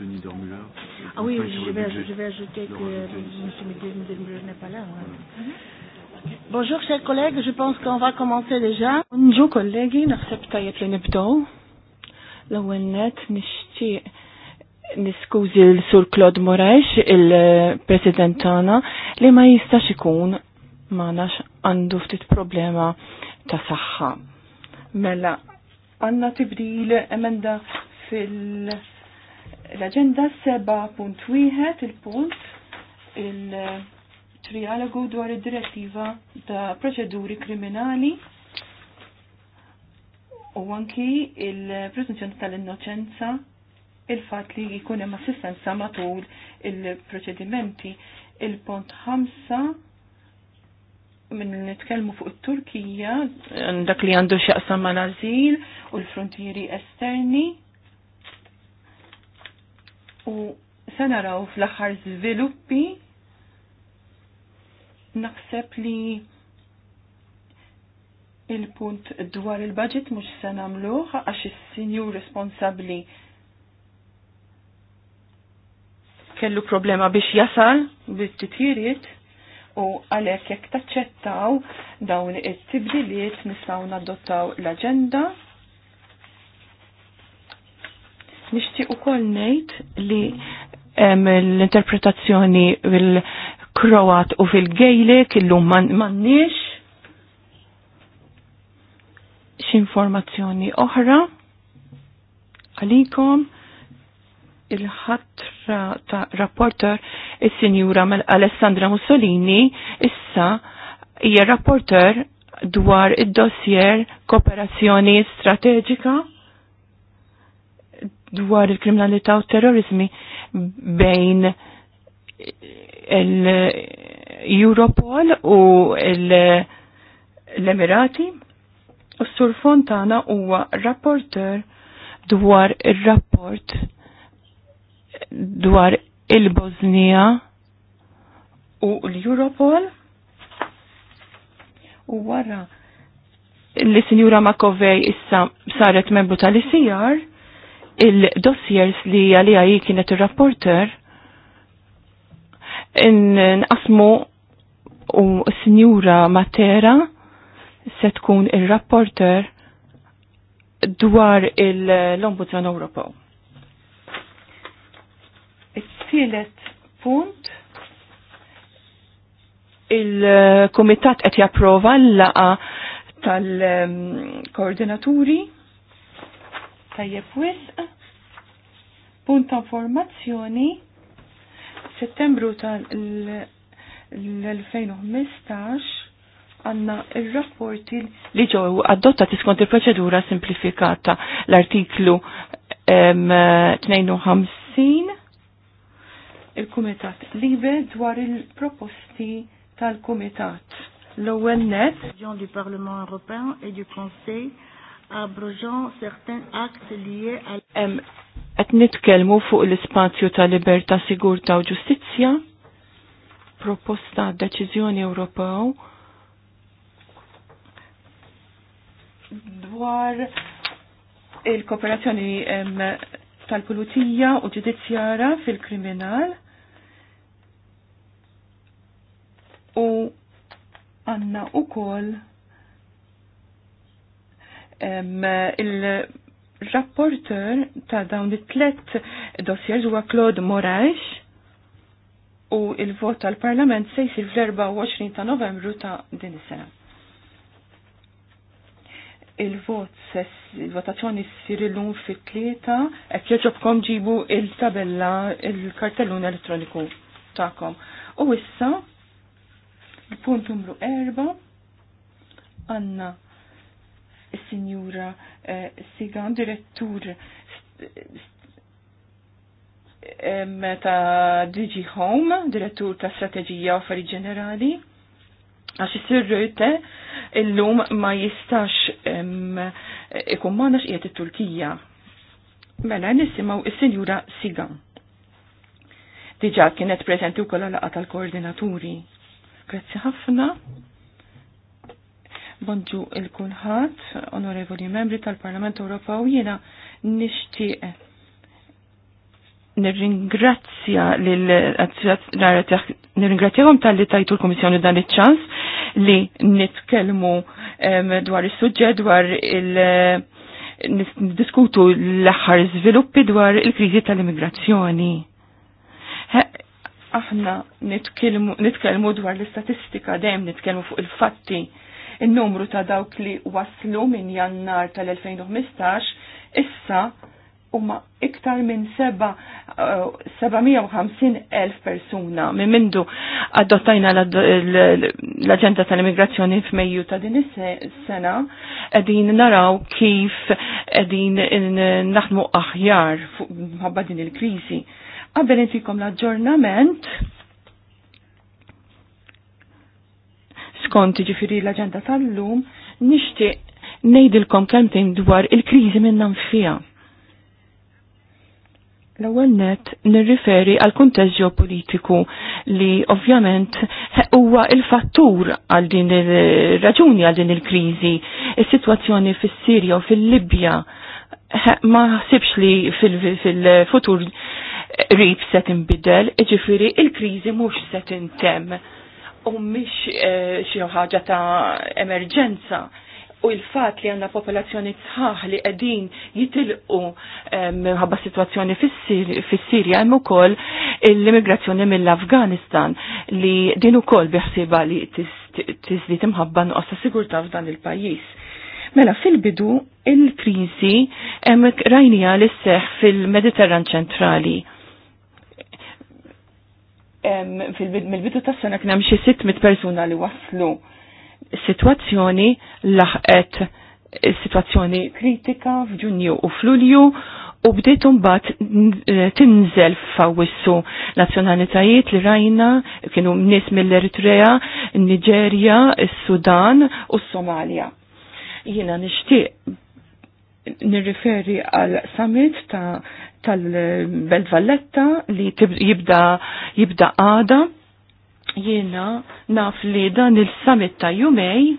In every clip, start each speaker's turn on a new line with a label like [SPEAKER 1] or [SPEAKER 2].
[SPEAKER 1] M. Niedermüller. Ah oui, je vais, je vais ajouter que M. Niedermüller n'est pas là. Ouais. Mhm. Bonjour, chers collègues, je pense qu'on va commencer déjà. Bonjour, kollegi,
[SPEAKER 2] naħseb tajjeb li nibdow. L-ewwel net nixtieq niskużi l-Sur Claude Moraes, il-President euh, tagħna, li ma jistax ikun m'għandux għandu ftit problema ta' saħħa. Mela, għandna tibdil emenda fil- L-agenda 7.1 il-punt il-trialogu dwar id-direttiva ta' proċeduri kriminali u anki il-presunzjoni tal-innoċenza il-fat li jkun hemm assistenza matul il-proċedimenti. Il-punt 5 minn nitkellmu fuq it-Turkija, dak li għandu x'jaqsam mal-azil u l-frontieri esterni U se naraw fl-aħħar zviluppi naħseb li il-punt dwar il-budget mhux se nagħmluh għax is-sinjur responsabbli kellu problema biex jasal bit-titjiriet u għalhekk jekk taċċettaw dawn it-tibdiliet nistgħu nadottaw l-aġenda Nishtiq u kol nejt li l-interpretazzjoni fil-Kroat u fil-Gejlek illum mannix x'informazzjoni oħra għalikom il-ħatra ta' rapporter il-Sinjura Alessandra Mussolini issa hija rapporter dwar id-dossier kooperazzjoni strateġika dwar il-kriminalità u terrorizmi bejn il-Europol u l-Emirati. U s-sur Fontana huwa rapporter dwar il-rapport dwar il bosnia u l-Europol u wara li sinjura Makovej issa saret membru tal-ICR il-dossiers li għalija hi kienet ir-rapporter nqasmu u Sinjura Matera se tkun ir-rapporter dwar l-Ombudsman Ewropew. il tielet punt il-komitat qed japprova l-laqa tal-koordinaturi Tajjeb wisq, punt ta' informazzjoni, settembru tal-2015 għanna il-rapporti li ġew adottati skont il-proċedura simplifikata l-artiklu 52 il-Kumitat Libe dwar il-proposti
[SPEAKER 1] tal-Kumitat.
[SPEAKER 2] L-ewwel net
[SPEAKER 1] du Parlement Europeen e du Conseil abrogeant certains actes liés à
[SPEAKER 2] qed nitkellmu fuq l-ispazju ta' libertà, Sigurta u ġustizzja proposta deċiżjoni Ewropew dwar il-kooperazzjoni tal-pulizija u ġudizzjara fil-kriminal u għanna u koll Il-rapporter ta' dawn it-tlet dossiers huwa Claude Moraes u il-vot tal-Parlament se jsir fl-24 ta' Novembru ta' din is-sena il-vot il-votazzjoni ssir illum fit-tlieta, qed joġobkom ġibu il-tabella, il-kartellun elettroniku tagħkom. U issa, il-punt numru erba' għanna il-Sinjura eh, Sigan, direttur ta' Digi Home, direttur ta' Strategija u Affari Ġenerali, għax isirrute illum ma jistax ikun ma nax qiegħed it-Turkija. Mela nisimgħu s sinjura Sigan. Diġà kienet preżenti wkoll għal tal-koordinaturi. Grazzi ħafna. Bonġu il-kulħat, onorevoli membri tal-Parlament Ewropew, jiena nixtieq nirringrazzja nirringrazzjahom tal-li tajtu l-Kummissjoni dan iċ-ċans li nitkellmu dwar is suġġet dwar il- diskutu l-aħħar żviluppi dwar il-kriżi tal-immigrazzjoni. Aħna nitkellmu dwar l-istatistika dejjem nitkellmu fuq il-fatti Il-numru ta' dawk li waslu minn jannar tal-2015 issa huma iktar minn 750.000 eh, persuna minn mindu adottajna l-Aġenda tal-Immigrazzjoni f'Mejju ta' din is-sena qegħdin naraw kif qegħdin naħdmu aħjar fuq din il-kriżi. Qabel intikom l-aġġornament Skont ġifiri l-agenda tal-lum, nishti nejdilkom kemtejn dwar il-krizi minnan fija. L-ewwel net nirriferi għal kuntest ġeopolitiku li ovvjament huwa il-fattur għal din ir-raġuni għal din il-kriżi. Is-sitwazzjoni fis-Sirja u fil-Libja ma ħsibx li fil-futur rib se tinbidel, ġifieri il-kriżi mhux se tintemm u mhix eh, xi ħaġa ta' emerġenza u il-fat li għanna popolazzjoni sħaħ li għedin jitilqu eh, minħabba situazzjoni fis-Sirja hemm ukoll l-immigrazzjoni mill-Afganistan li din ukoll biħsiba li tiżdied imħabba nuqqas ta' sigurtà f'dan il-pajjiż. Mela fil-bidu il-kriżi hemm rajnija li seħ fil-Mediterran ċentrali mill-bidu tas sena kien hemm xi 600 persuna li waslu. Situazzjoni laħqet eh, situazzjoni kritika f'Ġunju u f'Lulju u bdiet mbagħad eh, tinżel f'Awwissu nazzjonalitajiet li rajna kienu nies mill-Eritrea, Niġerja, is-Sudan u s-Somalja. Jiena nixtieq nirriferi għal summit ta' tal-Belt Valletta li jibda jibda għada jiena naf li dan il-summit ta' jumej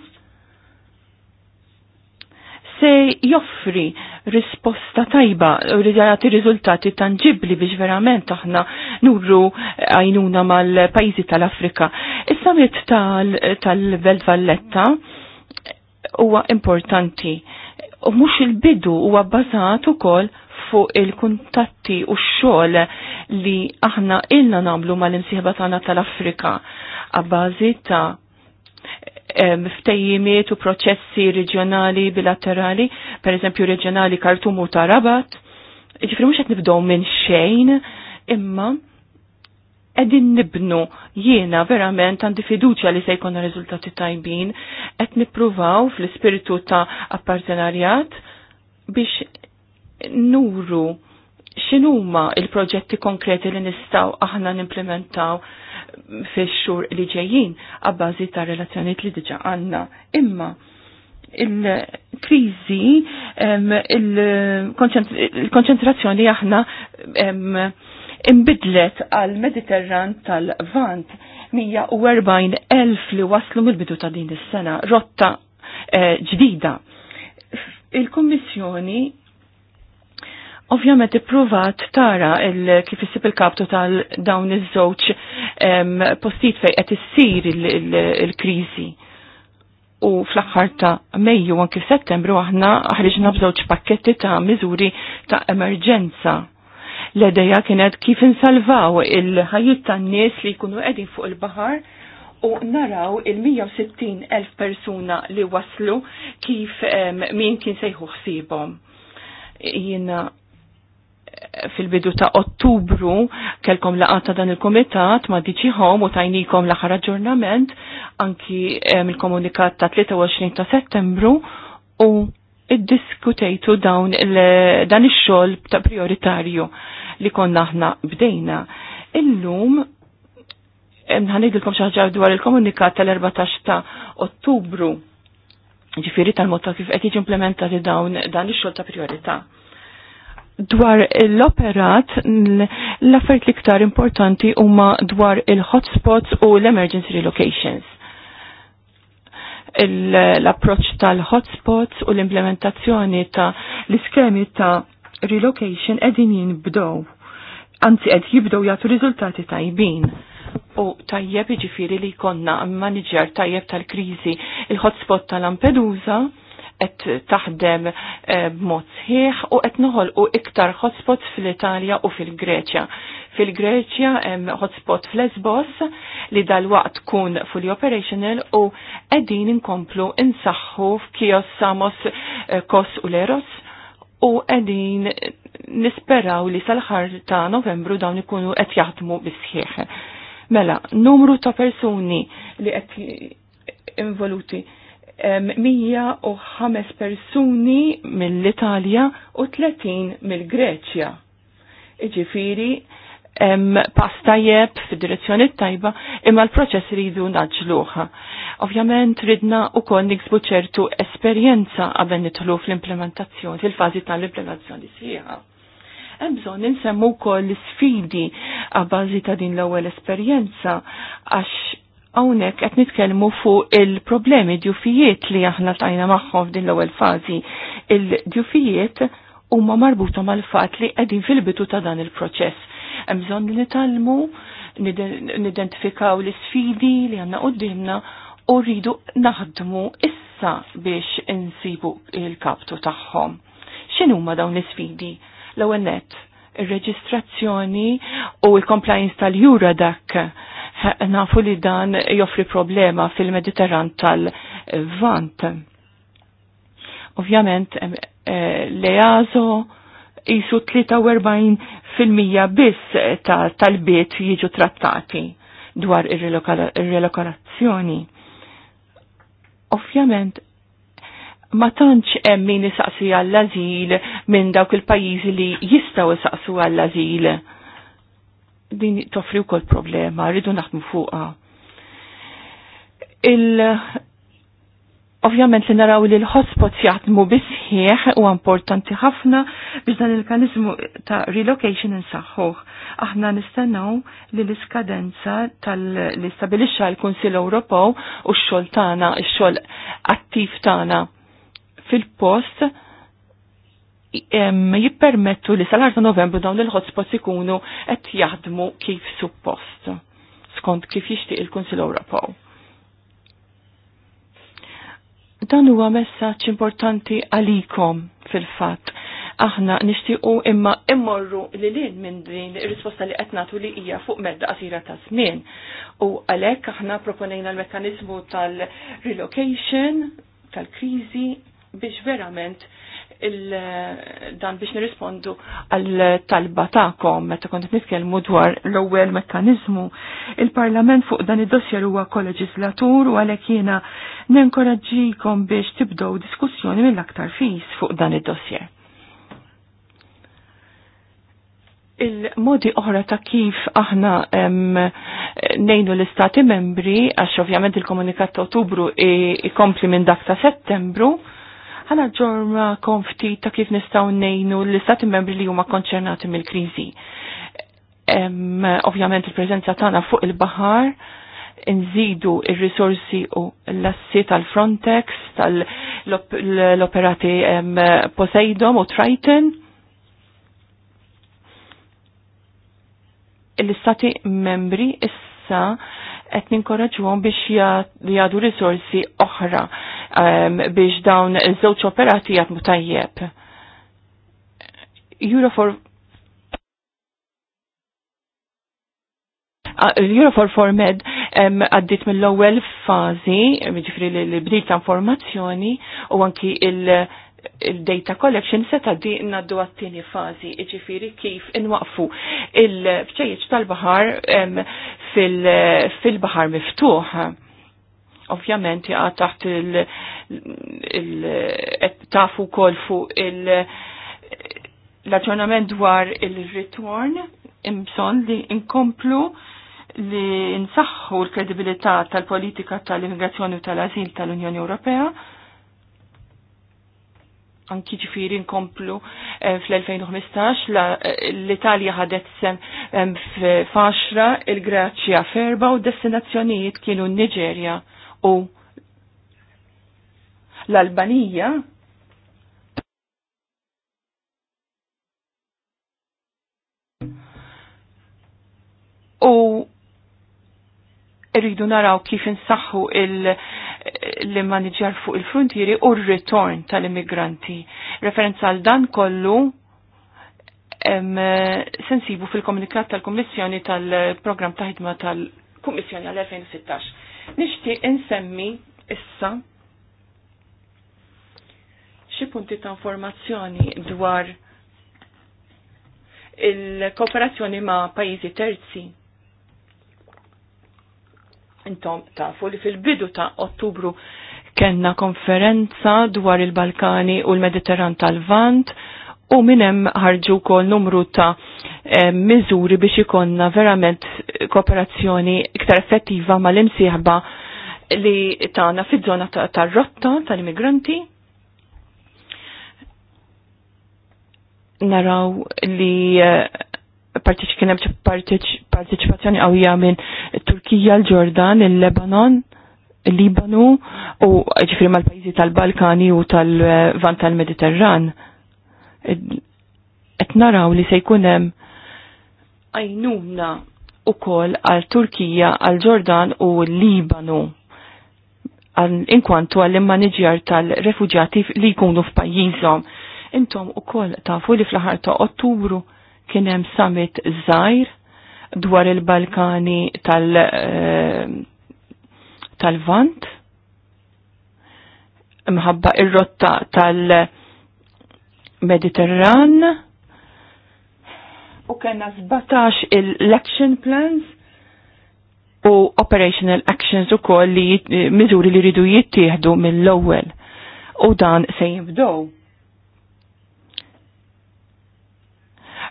[SPEAKER 2] se joffri risposta tajba u li jagħti riżultati tangibli biex verament aħna nurru għajnuna mal-pajjiżi tal-Afrika. Is-summit tal-Belt Valletta huwa importanti u mhux il-bidu huwa bbażat ukoll fuq il-kuntatti u x-xogħol li aħna ilna nagħmlu mal-imsieħba tagħna tal-Afrika għabbażi ta' eh, ftejjimiet u proċessi reġjonali bilaterali, per eżempju reġjonali Kartumu u Rabat, Ġifri mhux qed nibdew minn xejn, imma edin nibnu jiena verament għandi fiduċja li se jkun riżultati tajbin qed nippruvaw fl-ispiritu ta' appartenarjat biex nuru x'inhuma il-proġetti konkreti li nistgħu aħna nimplementaw fix-xhur li ġejjin għabbażi ta' relazzjonijiet li diġà għandna. Imma il-kriżi il-konċentrazzjoni aħna imbidlet għal Mediterran tal-Vant 140,000 li waslu mill-bidu ta' din is-sena, rotta eh, ġdida. Il-Kummissjoni ovvjament ippruvat tara kif isib il-kaptu tal-dawn iż-żewġ postijiet fejn qed issir il-kriżi. U fl-aħħar ta' Mejju anki Settembru aħna ħriġna b'żewġ pakketti ta' miżuri ta' emerġenza L-edeja kienet kif insalvaw il-ħajjit tan-nies li jkunu qegħdin fuq il-baħar u naraw il 160000 elf persuna li waslu kif min kien sejħu xsibom. Jiena fil-bidu ta' ottubru kelkom laqata dan il-komitat ma' diċiħom u tajnikom l-aħħar aġġornament anki il-komunikat ta' 23 ta' settembru u id-diskutejtu dawn dan ix-xogħol ta' prioritarju li konna aħna bdejna. Illum ħanidilkom xaħġar dwar il-komunikat tal-14 ta' Ottubru ġifiri tal motta kif qed jiġi implementati dawn dan ix-xogħol ta' priorità. Dwar l-operat, l-affert li ktar importanti huma dwar il-hotspots u l-emergency relocations l-approċ tal-hotspots u l-implementazzjoni ta' l-iskemi ta' relocation edin jinbdow, anzi ed jibdow jgħatu riżultati tajbin. U tajjeb iġifiri li konna manager tajjeb tal-krizi il-hotspot tal-Lampedusa, qed taħdem eh, b'mod sħiħ u qed u iktar hotspots fl-Italja u fil-Greċja. Fil-Greċja hemm hotspot fl-Lesbos li dal-waqt tkun fully operational u qegħdin inkomplu insaħħu f'Kios Samos eh, Kos u Leros u qegħdin nisperaw li sal-ħar ta' Novembru dawn ikunu qed jaħdmu bisħieħ. Mela, numru ta' persuni li qed involuti 105 persuni mill-Italja u 30 mill-Greċja. Iġifiri, pass jeb fid-direzzjoni tajba imma l-proċess ridu naġluħa. Ovvjament ridna u koll niksbu ċertu esperjenza qabel nitħlu fl-implementazzjoni, fil-fazi tal-implementazzjoni sħiħa. Hemm bżonn ninsemmu wkoll l-sfidi għabbażi ta' din l-ewwel esperjenza għax hawnhekk qed nitkellmu fuq il-problemi djufijiet li aħna tajna maħħu f'din l-ewwel fażi. Il-djufijiet huma marbuta mal-fatt li qegħdin fil-bitu ta' dan il-proċess. Hemm bżonn nitalmu nidentifikaw l-sfidi li għanna qoddimna u rridu naħdmu issa biex insibu il-kaptu tagħhom. X'inhuma dawn l-isfidi? L-ewwel nett, ir-reġistrazzjoni u l-compliance tal-jura dak nafu li dan joffri problema fil-Mediterran tal-Vant. Ovvjament, eh, l-EASO jisu 43% biss tal-biet jiġu trattati dwar ir-relokalazzjoni. Ovvjament, ma tantx hemm min isaqsi għall-azil minn dawk il-pajjiżi li jistgħu isaqsu għall-azil. Din toffri wkoll problema, rridu naħdmu fuqha. Ovvjament li naraw li l-hotspots jaħdmu bisħieħ u importanti ħafna biex dan il-kanizmu ta' relocation nsaħħuħ. Aħna nistennaw li l-iskadenza tal-istabilixxa l-Kunsil Ewropew u x-xogħol tagħna, x-xogħol attiv tagħna fil-post jippermettu li sal-10 novembru dawn il-hotspots ikunu qed jaħdmu kif suppost skont kif jixtieq il-Kunsil Ewropew Dan huwa messaġġ importanti għalikom fil-fatt. Aħna nixtiequ imma immorru li lin minn din ir-risposta li qed nagħtu li hija fuq medda qasira ta' żmien. U għalhekk aħna proponejna l-mekkaniżmu tal-relocation tal-kriżi biex verament dan biex nirrispondu għal talba ta'kom meta kont nitkellmu dwar l-ewwel mekkaniżmu. Il-Parlament fuq dan id-dossier huwa koleġislatur u għalhekk jiena nenkoraġġikom biex tibdew diskussjoni mill-aktar fis fuq dan id-dossier. Il-modi oħra ta' kif aħna nejnu l-istati membri, għax ovvjament il-komunikat ta' ottubru ikompli minn dak ta' settembru, ħana ġorma konfti ta' kif nistaw nejnu l-istati membri li huma konċernati mill-krizi. Ovvjament il-prezenza tagħna fuq il-bahar, nżidu il-risorsi u l-assi tal-Frontex, tal-operati Poseidon u Triton. L-istati membri issa qed ninkoraġuhom biex jgħadu risorsi oħra um, biex dawn iż-żewġ operati jatmu tajjeb. Eurofor ah, Eurofor for Med um, għaddit mill-ewwel fażi, ġifri l-bdil ta' informazzjoni u anki il- il-data collection se taddi naddu għattini fazi, iġifiri kif inwaqfu il-bċejċ tal-bahar um, fil-bahar fil miftuħ ovvjament jaqa taħt il tafu kol fuq il l-aġġornament dwar il-return imson li inkomplu li nsaħħu l-kredibilità tal-politika tal-immigrazzjoni u tal-azil tal-Unjoni Ewropea anki ġifiri nkomplu eh, fl-2015 eh, l-Italja ħadet sem f'Axra, il-Graċja ferba u destinazzjonijiet kienu n-Niġerja, u l-Albanija u irridu naraw kif insaħħu il- li maniġjar fuq il-frontieri u r-return tal-immigranti. Referenza għal dan kollu sensibu fil-komunikat tal komissjoni tal-Programm ta' ħidma tal komissjoni għal-2016. Nixtieq insemmi issa xi punti ta' informazzjoni dwar il-kooperazzjoni ma' pajjiżi terzi. Intom tafu li fil-bidu ta' Ottubru kenna konferenza dwar il-Balkani u l-Mediterran tal-Vant u minnem ħarġu kol numru ta' eh, miżuri biex ikonna verament kooperazzjoni iktar effettiva ma' l-imsieħba li ta' fid-żona tar-rotta ta tal-immigranti. Naraw li eh, kien hemm partiċipazzjoni qawwija minn Turkija, l-Ġordan, il-Lebanon, il-Libanu u ġifri mal-pajjiżi tal-Balkani u tal-Vant eh, tal-Mediterran. tal balkani u tal vant tal mediterran qed naraw li se jkun hemm għajnuna kol għal Turkija, għal Ġordan u Libanu inkwantu għall immaniġjar tal-refugjati li jkunu f'pajjiżhom. Intom ukoll tafu li fl-aħħar ta' Ottubru kien hemm summit żgħir dwar il-Balkani tal- eh, tal-Vant imħabba ir-rotta tal-, tal vant mħabba ir rotta tal tal Mediterran u kena 17 il-action plans u operational actions u koll li miżuri li ridu jittieħdu mill-ewwel u dan se jibdow.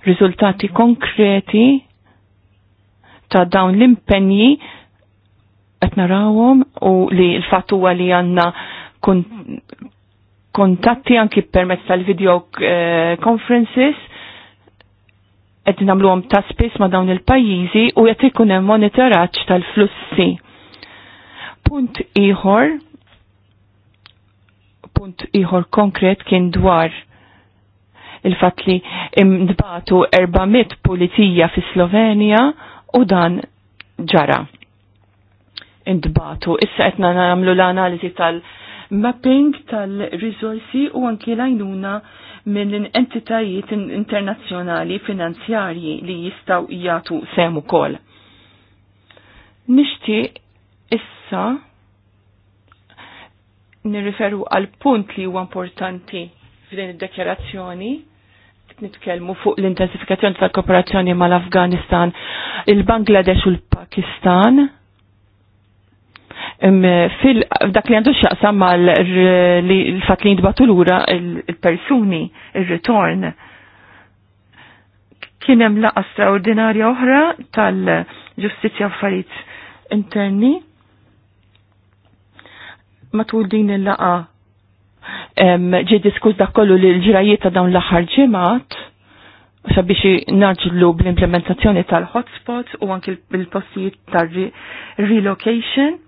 [SPEAKER 2] Riżultati konkreti ta' dawn l-impenji qed narawhom u li l-fatt huwa li għandna kontatti anki permezz tal-video eh, conferences qed nagħmluhom ta' spiss ma' dawn il-pajjiżi u qed ikun hemm monitoraġġ tal-flussi. Punt ieħor punt ieħor konkret kien dwar il-fatt li imdbatu 400 pulizija fi Slovenja u dan ġara. Indbatu. Issa qedna nagħmlu l-analiżi tal- mapping tal-rizorsi u anki lajnuna minn entitajiet internazzjonali finanzjarji li jistaw jgħatu semu kol. Nishti issa nirriferu għal punt li huwa importanti f'din id-dekjarazzjoni nitkellmu fuq l-intensifikazzjoni tal-kooperazzjoni mal-Afganistan, il-Bangladesh u l-Pakistan dak li għandu xaqsam mal l-fat li jindbatu l-ura il-persuni, il-return. Kienem laqqa straordinarja oħra tal-ġustizja affarijiet interni. Matul din il laqqa ġi diskuż dak kollu li l-ġrajiet ta' dawn l-aħħar ġimgħat sabiex naġlu bl-implementazzjoni tal-hotspots u anki l-postijiet tal-relocation. Re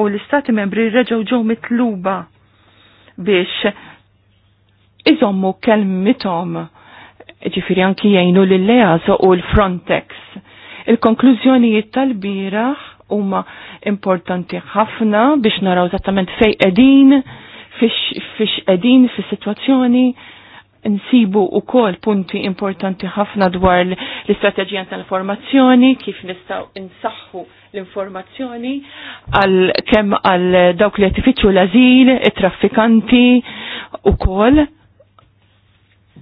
[SPEAKER 2] u l-istati membri reġaw ġew mitluba biex iżommu kelmitom ġifiri anki jgħinu l-leazo u l-Frontex. Il-konklużjonijiet tal-biraħ huma importanti ħafna biex naraw eżattament fej qegħdin fix qegħdin fis-sitwazzjoni nsibu u kol punti importanti ħafna dwar l-istrateġija tal-formazzjoni, kif nistaw insaxħu l-informazzjoni għal kem għal dawk li jtifittru l-azil, traffikanti u kol.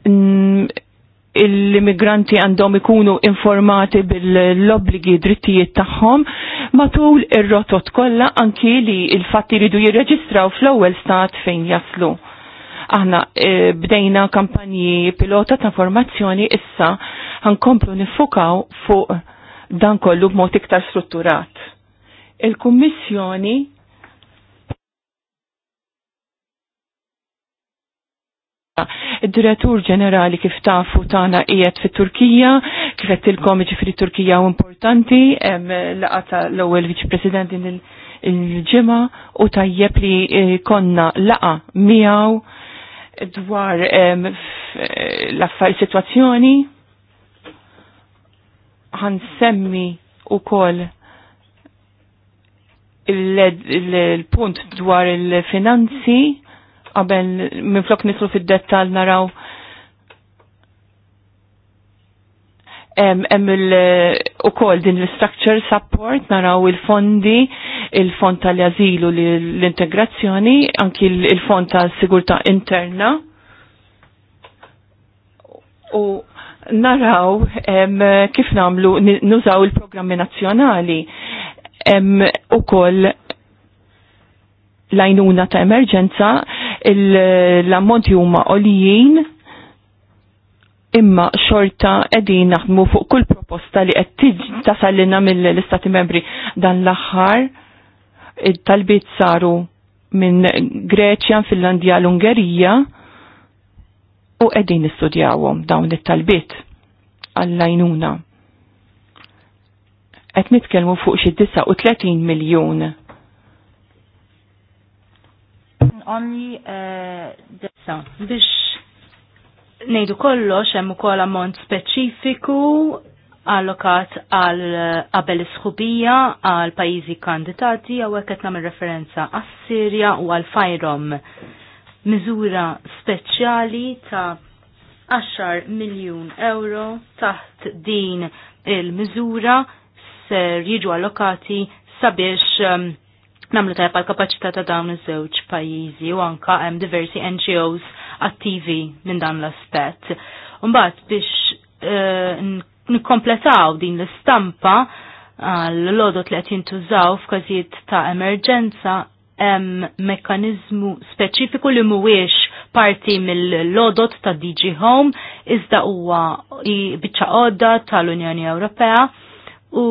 [SPEAKER 2] Mm, l-immigranti għandhom ikunu informati bil-obligi drittijiet tagħhom matul ir-rotot kollha anki li l fatti jridu jirreġistraw fl-ewwel stat fejn jaslu Aħna e, bdejna kampanji pilota ta' formazzjoni issa ħankomplu nifukaw fuq dan kollu b'mod iktar strutturat. Il-Kummissjoni Id-Direttur ġenerali kif tafu futana qiegħed fit-Turkija, kif qed tilkom ġifri Turkija u importanti, laqata l-ewwel viċi President din il-ġimgħa u tajjeb li eh, konna laqa miegħu dwar l-affar situazzjoni għan semmi u kol il-punt dwar il-finanzi qabel minflok nitlu fid-dettal naraw hemm eh, ukoll din l-structure support naraw il-fondi, il-fond tal jażilu l-integrazzjoni, anki il-fond tal-sigurtà interna. U naraw kif namlu nużaw il-programmi nazzjonali hemm ukoll lajnuna ta' emerġenza l-ammonti huma olijin imma xorta edin naħdmu fuq kull proposta li qed tasallina mill-Istati Membri dan l-aħħar talbiet saru minn Greċja, Finlandja, l-Ungerija u qegħdin nistudjawhom dawn it-talbiet għall-għajnuna. Qed nitkellmu fuq xi 39 miljun.
[SPEAKER 3] Only uh, biex nejdu kollox hemm ukoll ammont speċifiku allokat għal qabel isħubija għal pajjiżi kandidati hawnhekk qed nagħmel referenza għas-Sirja u għal fajrom miżura speċjali ta' 10 miljun euro taħt din il-miżura ser jiġu allokati sabiex um, namlu tajb għal kapacità ta' dawn iż-żewġ pajjiżi u anka hemm diversi NGOs attivi minn dan l-aspett. Umbat biex eh, nikkompletaw din l-istampa l-lodot li qed jintużaw f'każijiet ta' emerġenza hemm mekkaniżmu speċifiku li mhuwiex parti mill-lodot ta' DG Home iżda huwa biċċa qodda tal-Unjoni Ewropea u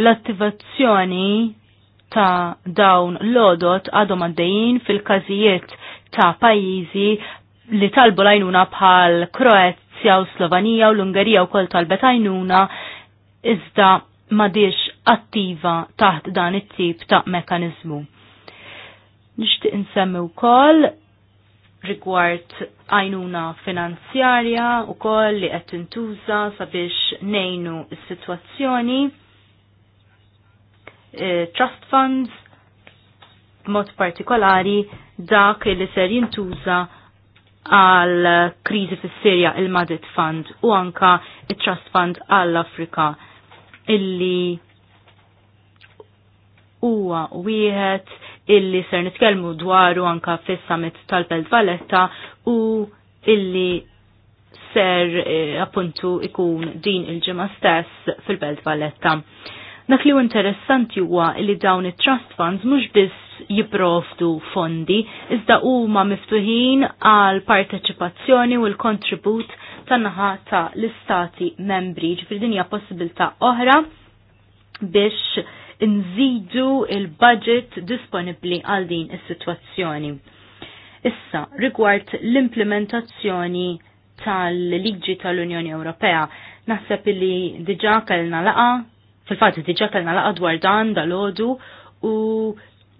[SPEAKER 3] l-attivazzjoni ta' dawn lodot għadhom għaddejjin fil-każijiet ta' pajjiżi li talbu lajnuna bħal Kroazja u Slovenija u l-Ungerija u kol talbet għajnuna iżda madiex attiva taħt dan it-tip ta' mekanizmu. Nishtiq insemmi u kol rigward għajnuna finanzjarja u kol li qed intuża sabiex nejnu s-sitwazzjoni, e, trust funds, b'mod partikolari dak li ser jintuża għal kriżi fis-Sirja il madrid Fund u anka il-Trust Fund għall-Afrika illi huwa wieħed illi ser nitkellmu dwaru anka fis-summit tal-Belt Valletta u illi ser eh, appuntu ikun din il-ġimgħa stess fil-Belt Valletta. Dak li interessanti huwa li dawn it-trust funds mhux biss jiprovdu fondi, iżda huma miftuħin għal parteċipazzjoni u l-kontribut tan-naħa ta' l-istati membri, ġifri dinja possibilta' oħra biex nżidu il-budget disponibli għal din is-sitwazzjoni. Issa, rigward l-implementazzjoni tal-liġi tal-Unjoni Ewropea, naħseb li diġa kellna laqa, fil fat diġa kellna laqa dwar dan dal-ħodu u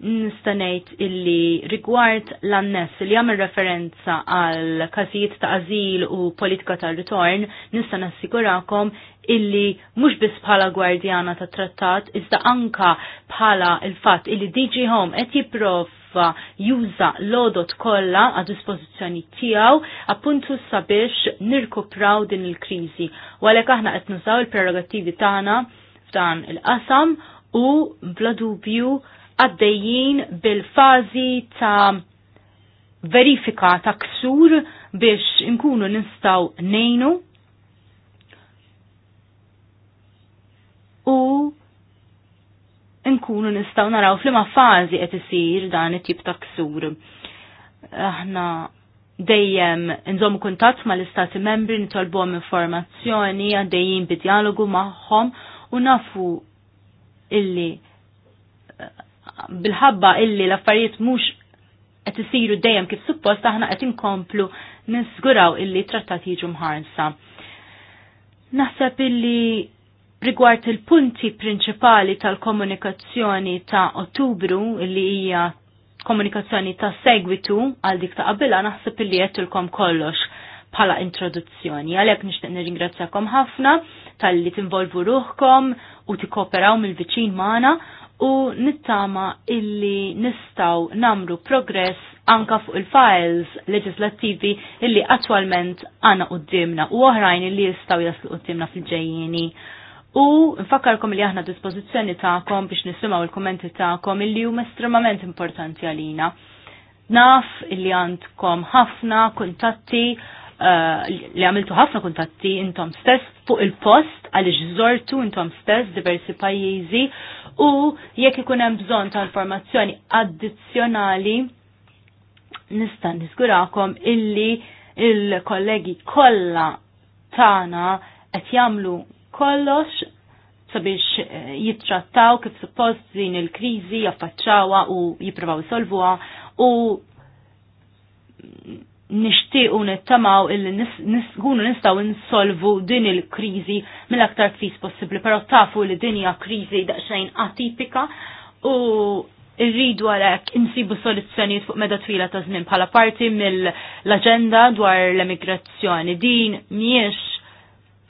[SPEAKER 3] nistanejt illi rigward l-annes li għamil referenza għal kazijiet ta' azil u politika ta' ritorn, nista' nassigurakom illi mhux biss bħala gwardjana ta' trattat, iżda anka bħala il-fatt illi DG Home qed jipprova juża l-odot kollha għad dispozizjoni tiegħu appuntu sabiex nirkupraw din il-kriżi. Għalhekk aħna qed il prerogativi tagħna f'dan il-qasam u bla dubju għaddejjien bil-fazi ta' verifika ta' ksur biex inkunu nistaw nejnu u nkunu nistaw naraw flima fazi qed isir dan it-tip ta' ksur. Aħna dejjem nżom kuntatt ma l-istati membri nitolbuhom informazzjoni għaddejjin bid dialogu magħhom u nafu illi bilħabba illi l-affarijiet mhux qed isiru dejjem kif suppost aħna qed inkomplu nisguraw illi trattat jiġu mħarsa. Naħseb illi rigward il-punti prinċipali tal-komunikazzjoni ta' Ottubru illi hija komunikazzjoni ta' segwitu għal dik ta' qabila naħseb illi qedtilkom kollox bħala introduzzjoni. Għalhekk nixtieq nirringrazzjakom ħafna tal-li tinvolvu ruħkom u tikoperaw mill-viċin Mana u nittama illi nistaw namru progress anka fuq il-files leġislattivi illi attualment għana qoddimna u oħrajn illi jistaw jaslu qoddimna fil-ġejjini. U nfakkarkom li aħna dispożizzjoni ta'kom biex nisimaw il-kommenti ta'kom illi huma estremament importanti għalina. Naf illi għandkom ħafna kuntatti li għamiltu ħafna kuntatti intom stess fuq il-post għaliex żortu intom stess diversi pajjiżi u jekk ikun hemm bżonn ta' informazzjoni addizzjonali nista' niżgurakom illi il-kollegi kollha tagħna qed jagħmlu kollox sabiex eh, jittrattaw kif suppost din il-kriżi jaffaċċawha u jippruvaw isolvuha u nishtiqu nittamaw illi nkunu nistaw insolvu din il-krizi mill-aktar fis possibli, pero tafu li dinja krizi daqxajn atipika u irridu għalek insibu soluzzjoniet fuq meda twila ta' żmien bħala parti mill-agenda dwar l-emigrazzjoni. Din miex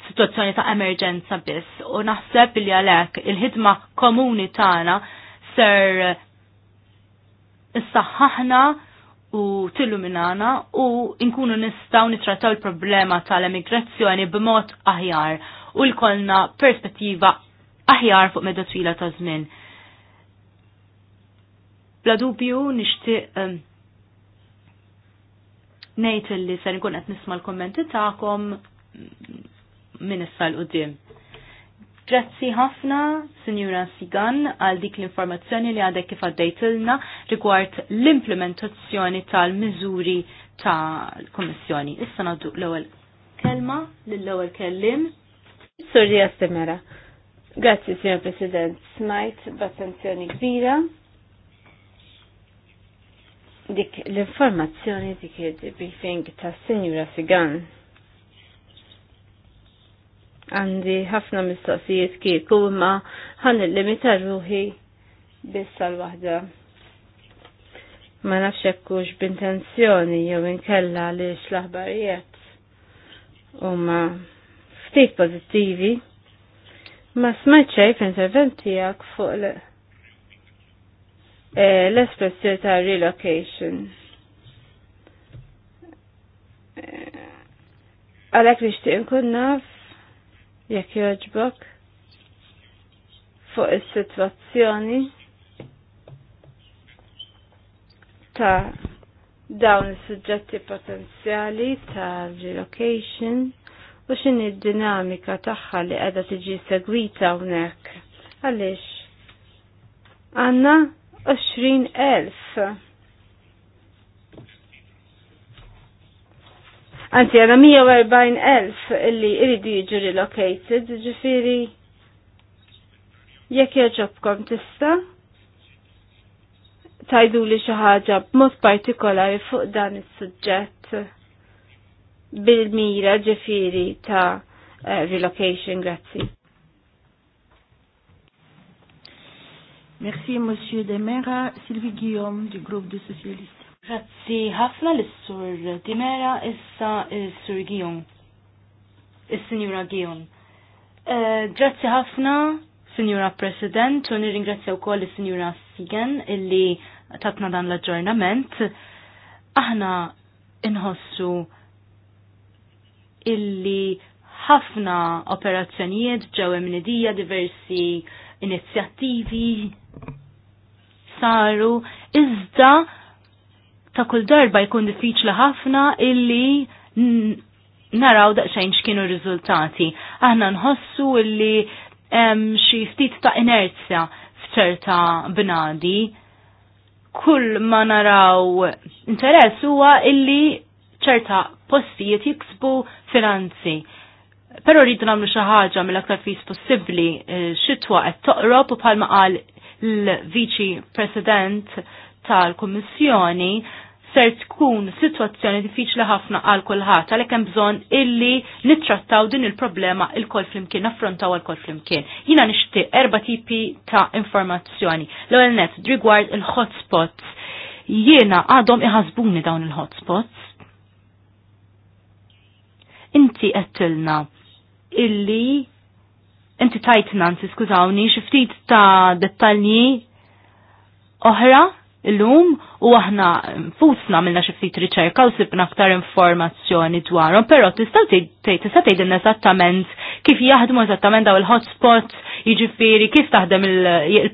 [SPEAKER 3] situazzjoni ta' emerġenza biss u naħseb li għalek il-ħidma komuni tagħna ser issaħħaħna u tilluminana u inkunu nistaw nitrataw il-problema tal-emigrazzjoni b'mod aħjar u l-kolna perspettiva aħjar fuq medda twila ta' żmien. Bla dubju nixtieq um, ngħid li se nkun qed nisma' l-kommenti tagħkom mm, minn issa l-qudiem. Grazzi ħafna, Signora Sigan, għal dik l-informazzjoni li għadek kif għaddejtilna rigward l-implementazzjoni tal-miżuri tal komissjoni Issa naddu l-ewwel kelma lill-ewwel kellim. Sordi għastemera. Grazzi, Signor President. Smajt b'attenzjoni kbira. Dik l-informazzjoni dik il-briefing ta' Sinjura Sigan Għandi ħafna mistoqsijiet kieku imma ħan il-limita ruħi biss għal waħda. Ma nafx hekkux b'intenzjoni jew inkella li l-aħbarijiet huma ftit pożittivi. Ma smajt xejn f'intervent tiegħek fuq eh, l-espressjoni ta' relocation eh, għalek nishtiq nkun naf jekk joġbok fuq is-sitwazzjoni ta' dawn is-suġġetti potenzjali ta' relocation u x'in id dinamika tagħha li qiegħda tiġi segwita hawnhekk. Għaliex għandna 20,000 Anzi, għana 140.000 illi iridu jiġu relocated, ġifiri jekk joġobkom tista' tajdu li xaħġa b'mod partikolari fuq dan is-suġġett bil-mira ġifiri ta' eh, relocation, grazzi.
[SPEAKER 1] Merci, Monsieur Demera. Sylvie Guillaume, du groupe de socialistes.
[SPEAKER 3] Grazzi ħafna l-Sur Dimera issa l-Sur Gion. Is-Sinjura Gion. Eh, grazzi ħafna, Sinjura President, u nirringrazzja wkoll is-Sinjura Sigen illi tatna dan l-aġġornament. Aħna inħossu illi ħafna operazzjonijiet ġew imnidija diversi inizjattivi saru iżda ta' kull darba jkun diffiċli ħafna illi naraw daqsxejn x'kienu r-riżultati. Aħna nħossu illi hemm xi ftit ta' inerzja f'ċerta bnadi. Kull ma naraw interess huwa illi ċerta postijiet jiksbu finanzi. Pero rridu nagħmlu xi ħaġa mill-aktar fis possibbli eh, xitwa qed toqrob u bħalma qal l-Viċi President tal-Kummissjoni ser tkun situazzjoni diffiċli ħafna għal kulħadd għalhekk hemm bżonn illi nittrattaw din il-problema il-kol flimkien, naffrontaw għal-kol flimkien. Jiena nixtieq erba' tipi ta' informazzjoni. L-ewwel net rigward il-hotspots. Jiena għadhom iħasbuni dawn il-hotspots. Inti għettilna illi inti tajtna, nsi skużawni, xiftit ta' dettalji oħra illum u aħna fusna minna xiftit riċerka u sibna aktar informazzjoni dwarhom, però tista' tista' tgħidilna eżattament kif jaħdmu eżattament daw il-hotspots, jiġifieri kif taħdem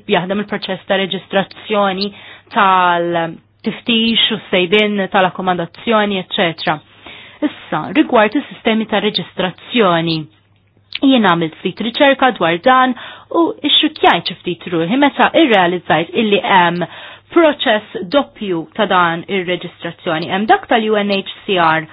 [SPEAKER 3] jaħdem il-proċess ta' reġistrazzjoni tal-tiftix u sejbin tal-akkomandazzjoni, eċċetera. Issa, rigward is-sistemi ta' reġistrazzjoni, jien għamilt ftit riċerka dwar dan u x-xukjajt ftit ruħi meta irrealizzajt illi hemm proċess doppju ta' dan ir-reġistrazzjoni. Hemm dak tal-UNHCR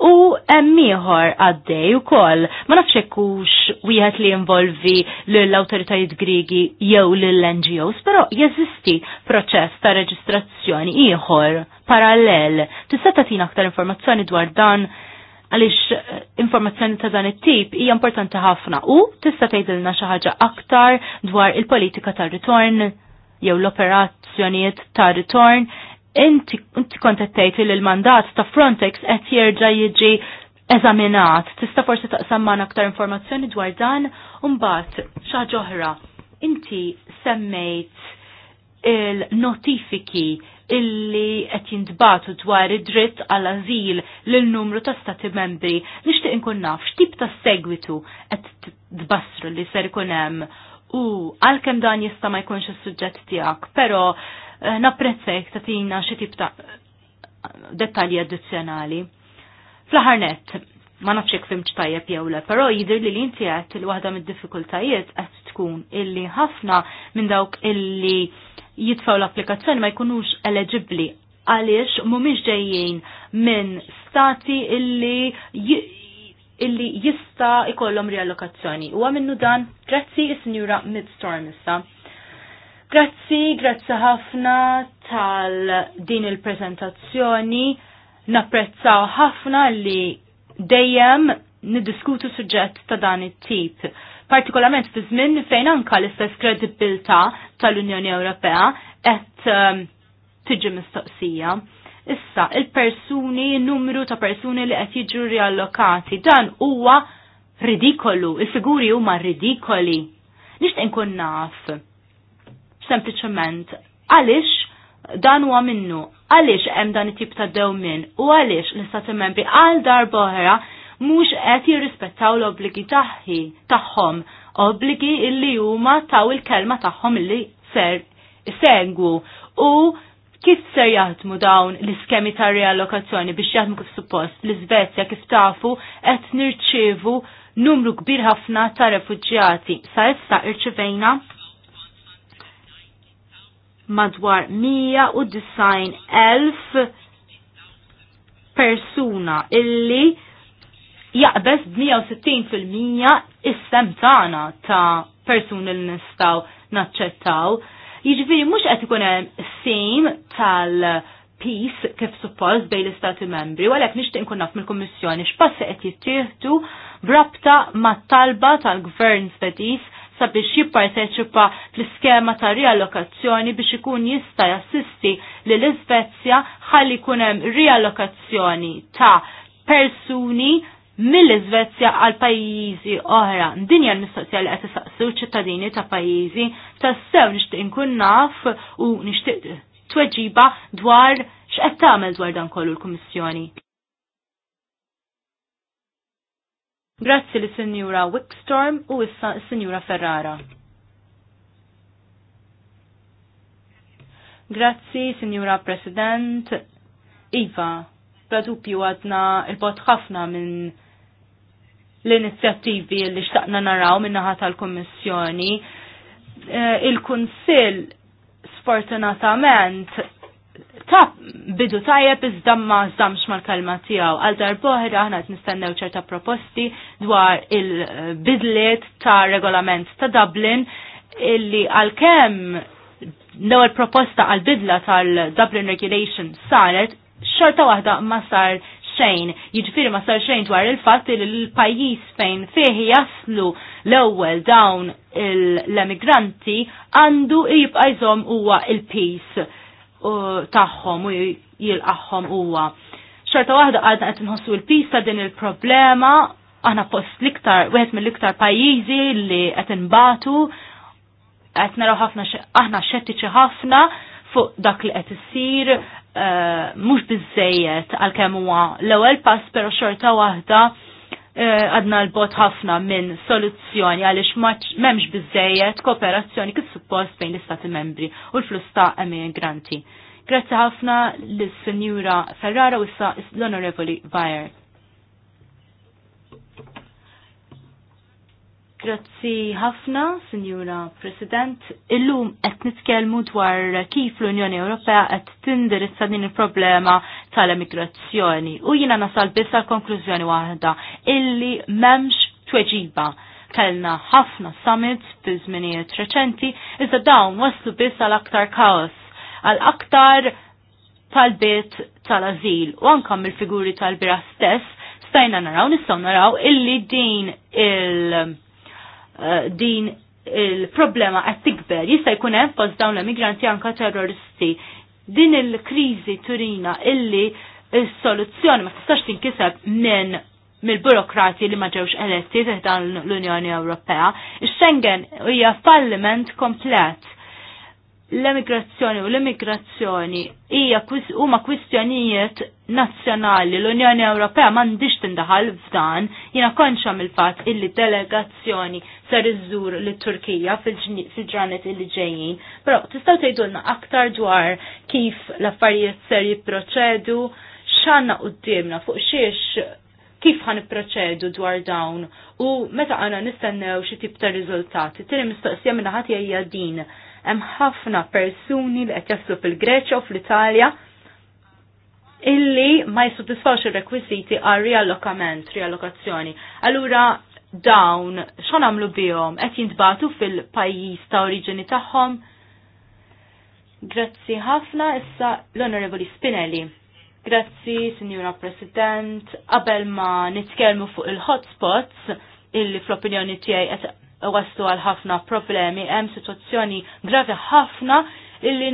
[SPEAKER 3] u emmiħor għaddej u koll. Ma nafx hux wieħed li involvi l-autoritajiet grigi jew l-NGOs, pero jeżisti proċess ta' reġistrazzjoni ieħor parallel. Tista' tagħtina aktar informazzjoni dwar dan għaliex eh, informazzjoni ta' dan it-tip hija importanti ħafna u tista' tgħidilna xi ħaġa aktar dwar il-politika tar-ritorn jew l-operazzjonijiet ta' ritorn, inti, inti kontettejt li l-mandat ta' Frontex qed jerġa' jiġi eżaminat. Tista' forsi taqsam aktar informazzjoni dwar dan u mbagħad xi Inti semmejt il-notifiki illi qed jintbatu dwar id-dritt għal azil lil numru ta' stati membri. Nixtieq inkun naf x'tip ta' segwitu qed tbassru li ser ikun hemm u għalkemm dan jista' ma jkunx is-suġġett tiegħek, però eh, napprezzek tina xi tip ta' dettalji addizzjonali. Fl-aħħar nett, ma nafx jekk fimx tajjeb jew le, però jidhir li inti għedt il waħda mid-diffikultajiet qed tkun illi ħafna minn dawk illi jitfaw l-applikazzjoni ma jkunux eligibbli għaliex mhumiex ġejjin minn stati illi illi jista ikollom riallokazzjoni. Huwa minnu dan grazzi is-Sinjura Midstorm issa. Grazzi, grazzi ħafna tal din il-prezentazzjoni. Napprezzaw ħafna li dejjem niddiskutu suġġett ta' dan it-tip partikolarment fi żmien fejn anka l-istess kredibilta tal-Unjoni Ewropea qed ehm, tiġi mistoqsija. Issa, il-persuni, il-numru ta' persuni li qed jiġu riallokati, dan huwa ridikolu, il-figuri huma ridikoli. Nixtieq inkun naf. Sempliċement, għaliex dan huwa minnu, għaliex hemm dan it-tip ta' minn? u għaliex l-istati membri għal darbohra mhux qed jirrispettaw l-obbligi taħħi tagħhom, obbligi illi huma taw il-kelma tagħhom illi ser segwu u Kif ser jaħdmu dawn l-iskemi ta' reallokazzjoni biex jaħdmu kif suppost l-Svezja kif tafu qed nirċievu numru kbir ħafna ta' refuġjati. Sa issa irċivejna madwar 190,000 persuna illi jaqbes 160% is-sem tagħna ta' persuni li nistgħu naċċettaw Jiġifieri mhux qed ikun hemm sejm tal- peace kif suppost bejn l-istati membri, u għalhekk nixtieq nkun naf mill-Kummissjoni x'passi qed jittieħdu brabta mat talba tal-Gvern Svediż sabiex jipparteċipa fl-iskema ta' riallokazzjoni biex ikun jista' jassisti li l-Iżvezja ħalli jkun hemm riallokazzjoni ta' persuni mill-Iżvezja għal pajjiżi oħra. Dinja l-mistoqsija li qed isaqsu ċittadini ta' pajjiżi tassew nixtieq inkun naf u nixtieq tweġiba dwar x'qed tagħmel dwar dan kollu l-Kummissjoni. Grazzi li Sinjura Wickstorm u issa Sinjura Ferrara. Grazzi, Sinjura President. Iva, pradupju għadna il-bot ħafna minn l-inizjattivi li xtaqna naraw minnaħat tal-Kommissjoni. Eh, Il-Kunsil sfortunatament ta' bidu tajjeb iżda ma żdamx mal-kalma tiegħu. Għal darbohra aħna qed nistennew ċerta proposti dwar il-bidliet ta' regolament ta' Dublin illi għalkemm l-ewwel proposta għal bidla tal-Dublin Regulation saret xorta waħda ma sar xejn, jiġifieri ma sar xejn dwar il-fatt li pajis pajjiż fejn feħi jaslu l-ewwel dawn l-emigranti għandu jibqa' huwa il-peace tagħhom u jilqaħħom huwa. Xorta waħda għadna qed nħossu il-peace ta' din il-problema aħna fost l-iktar, wieħed mill-iktar pajjiżi li qed inbatu, qed naraw ħafna aħna xettiċi ħafna fuq dak li qed issir, Eh, mhux biżejjed għalkemm huwa l-ewwel pass però xorta waħda eh, għadna l-bot ħafna minn soluzzjoni għaliex m'hemmx biżejjed kooperazzjoni kif suppost bejn l-Istati membri u l-flus ta' granti. Grazzi ħafna lis sinjura Ferrara u l-Onorevoli Bayer. Grazzi ħafna, Sinjura President. Illum qed nitkellmu dwar kif l-Unjoni Ewropea qed tindirizza din il-problema tal-emigrazzjoni. U jiena nasal biss għal konklużjoni waħda illi m'hemmx tweġiba. Kellna ħafna summits fi żminijiet reċenti, iżda dawn waslu biss għal aktar kaos, għal aktar tal-bit tal-azil u anka mill-figuri tal-bira stess stajna naraw, nistgħu naraw illi din il- Eh, din il-problema qed tikber jista' jkun hemm fost dawn l-immigranti anka terroristi. Din il-kriżi turina illi is-soluzzjoni ma tistax tinkiseb minn mill-burokrati li ma ġewx eletti dan l-Unjoni Ewropea. Ix-Schengen hija falliment komplet l-emigrazzjoni u l-immigrazzjoni hija huma kwistjonijiet nazzjonali l-Unjoni Ewropea m'għandix tindaħal f'dan jiena konxa mill-fatt illi delegazzjoni ser iżżur lit turkija fil-ġranet illi ġejjin. Però tistgħu tgħidulna aktar dwar kif l-affarijiet ser jipproċedu, x'għandna qudiemna fuq xiex kif ħan proċedu dwar dawn u meta għana nistennew xi tip ta' riżultati. Tiri mistoqsija minna ħadd hija din Hemm ħafna persuni li qed jaslu fil-Greċja u fl-Italja illi ma jissodisfawx ir-rekwiżiti għal riallokament, riallokazzjoni. Allura dawn x'għan għamlu bihom qed jintbagħtu fil-pajjiż ta' oriġini tagħhom. Grazzi ħafna issa l-Onorevoli Spinelli. Grazzi, Signora President, qabel ma nitkellmu fuq il-hotspots illi fl-opinjoni tiegħi għastu għal ħafna problemi, hemm situazzjoni gravi ħafna illi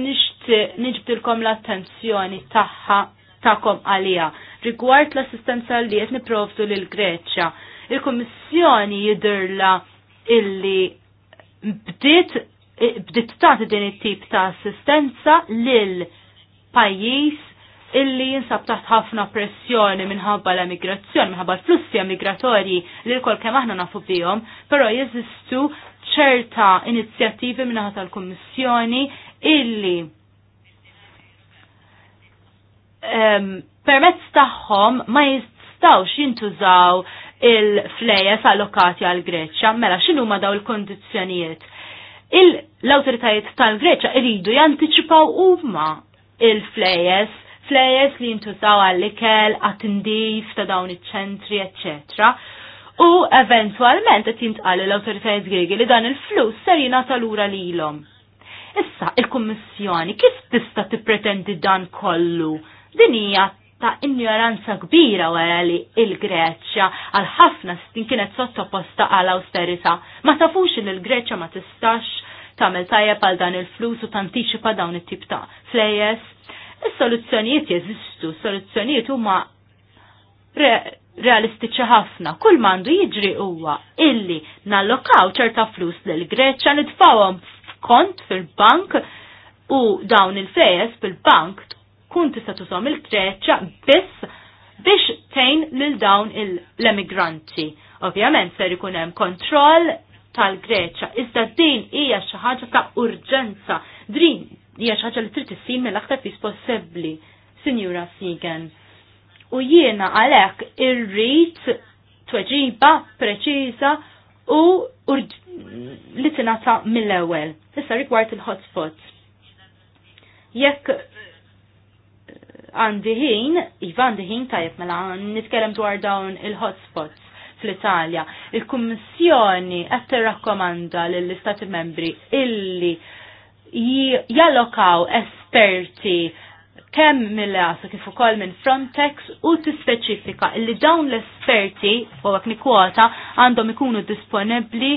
[SPEAKER 3] nġbdilkom l-attenzjoni tagħha tagħkom għalija rigward l-assistenza li qed niprovdu l Greċja. Il-Kummissjoni jidirla illi bdiet bdiet tagħti din it-tip ta' assistenza lil pajjiż illi jinsab taħt ħafna pressjoni minħabba l-emigrazzjoni, minħabba l-flussi emigratorji li l-kol kem aħna nafu bijom, pero jeżistu ċerta inizjattivi minħat tal-Kommissjoni illi um, permezz tagħhom ma jistawx jintużaw il-flejes allokati għal Greċja, mela xinu ma daw il-kondizzjonijiet. l awtoritajiet tal-Greċja irridu jantiċipaw huma il-flejes flejes li jintużaw għall-ikel, għat ta' dawn iċ-ċentri, eccetera. U eventualment qed jintqal l-awtoritajiet Griegi li dan il-flus ser jingħata lura lilhom. Issa, il-Kummissjoni kif tista' tippretendi dan kollu? Din hija ta' ignoranza kbira wara li il-Greċja għal ħafna snin kienet sottoposta għal austerita. Ma tafux li l-Greċja ma tistax tagħmel tajjeb għal dan il-flus u tantiċipa dawn it-tip ta' flejes Is-soluzzjonijiet jeżistu, soluzzjonijiet huma re realistiċi ħafna. Kull mandu jiġri huwa illi nallokaw ċerta flus lil Greċja nitfawhom f'kont fil-bank u dawn il-fejes fil-bank tkun tista' tużhom il-Greċja biss biex tejn lil dawn l-emigranti. Ovvjament ser ikun hemm kontroll tal-Greċja, iżda din hija xi ħaġa ta' urġenza. Din hija xi ħaġa li trid issir mill-aktar fis possibbli, Sinjura Siegen. U jiena għalhekk irrid tweġiba preċiża u li tingħata mill-ewwel. Issa rigward il hotspot Jekk għandi ħin, iva għandi ħin tajjeb mela nitkellem dwar dawn il-hotspots fl-Italja. Il-Kummissjoni qed tirrakkomanda lill-Istati Membri illi jallokaw esperti kemm mill-EASA kif ukoll minn Frontex u tispeċifika li dawn l-esperti u fuq nikwota għandhom ikunu disponibbli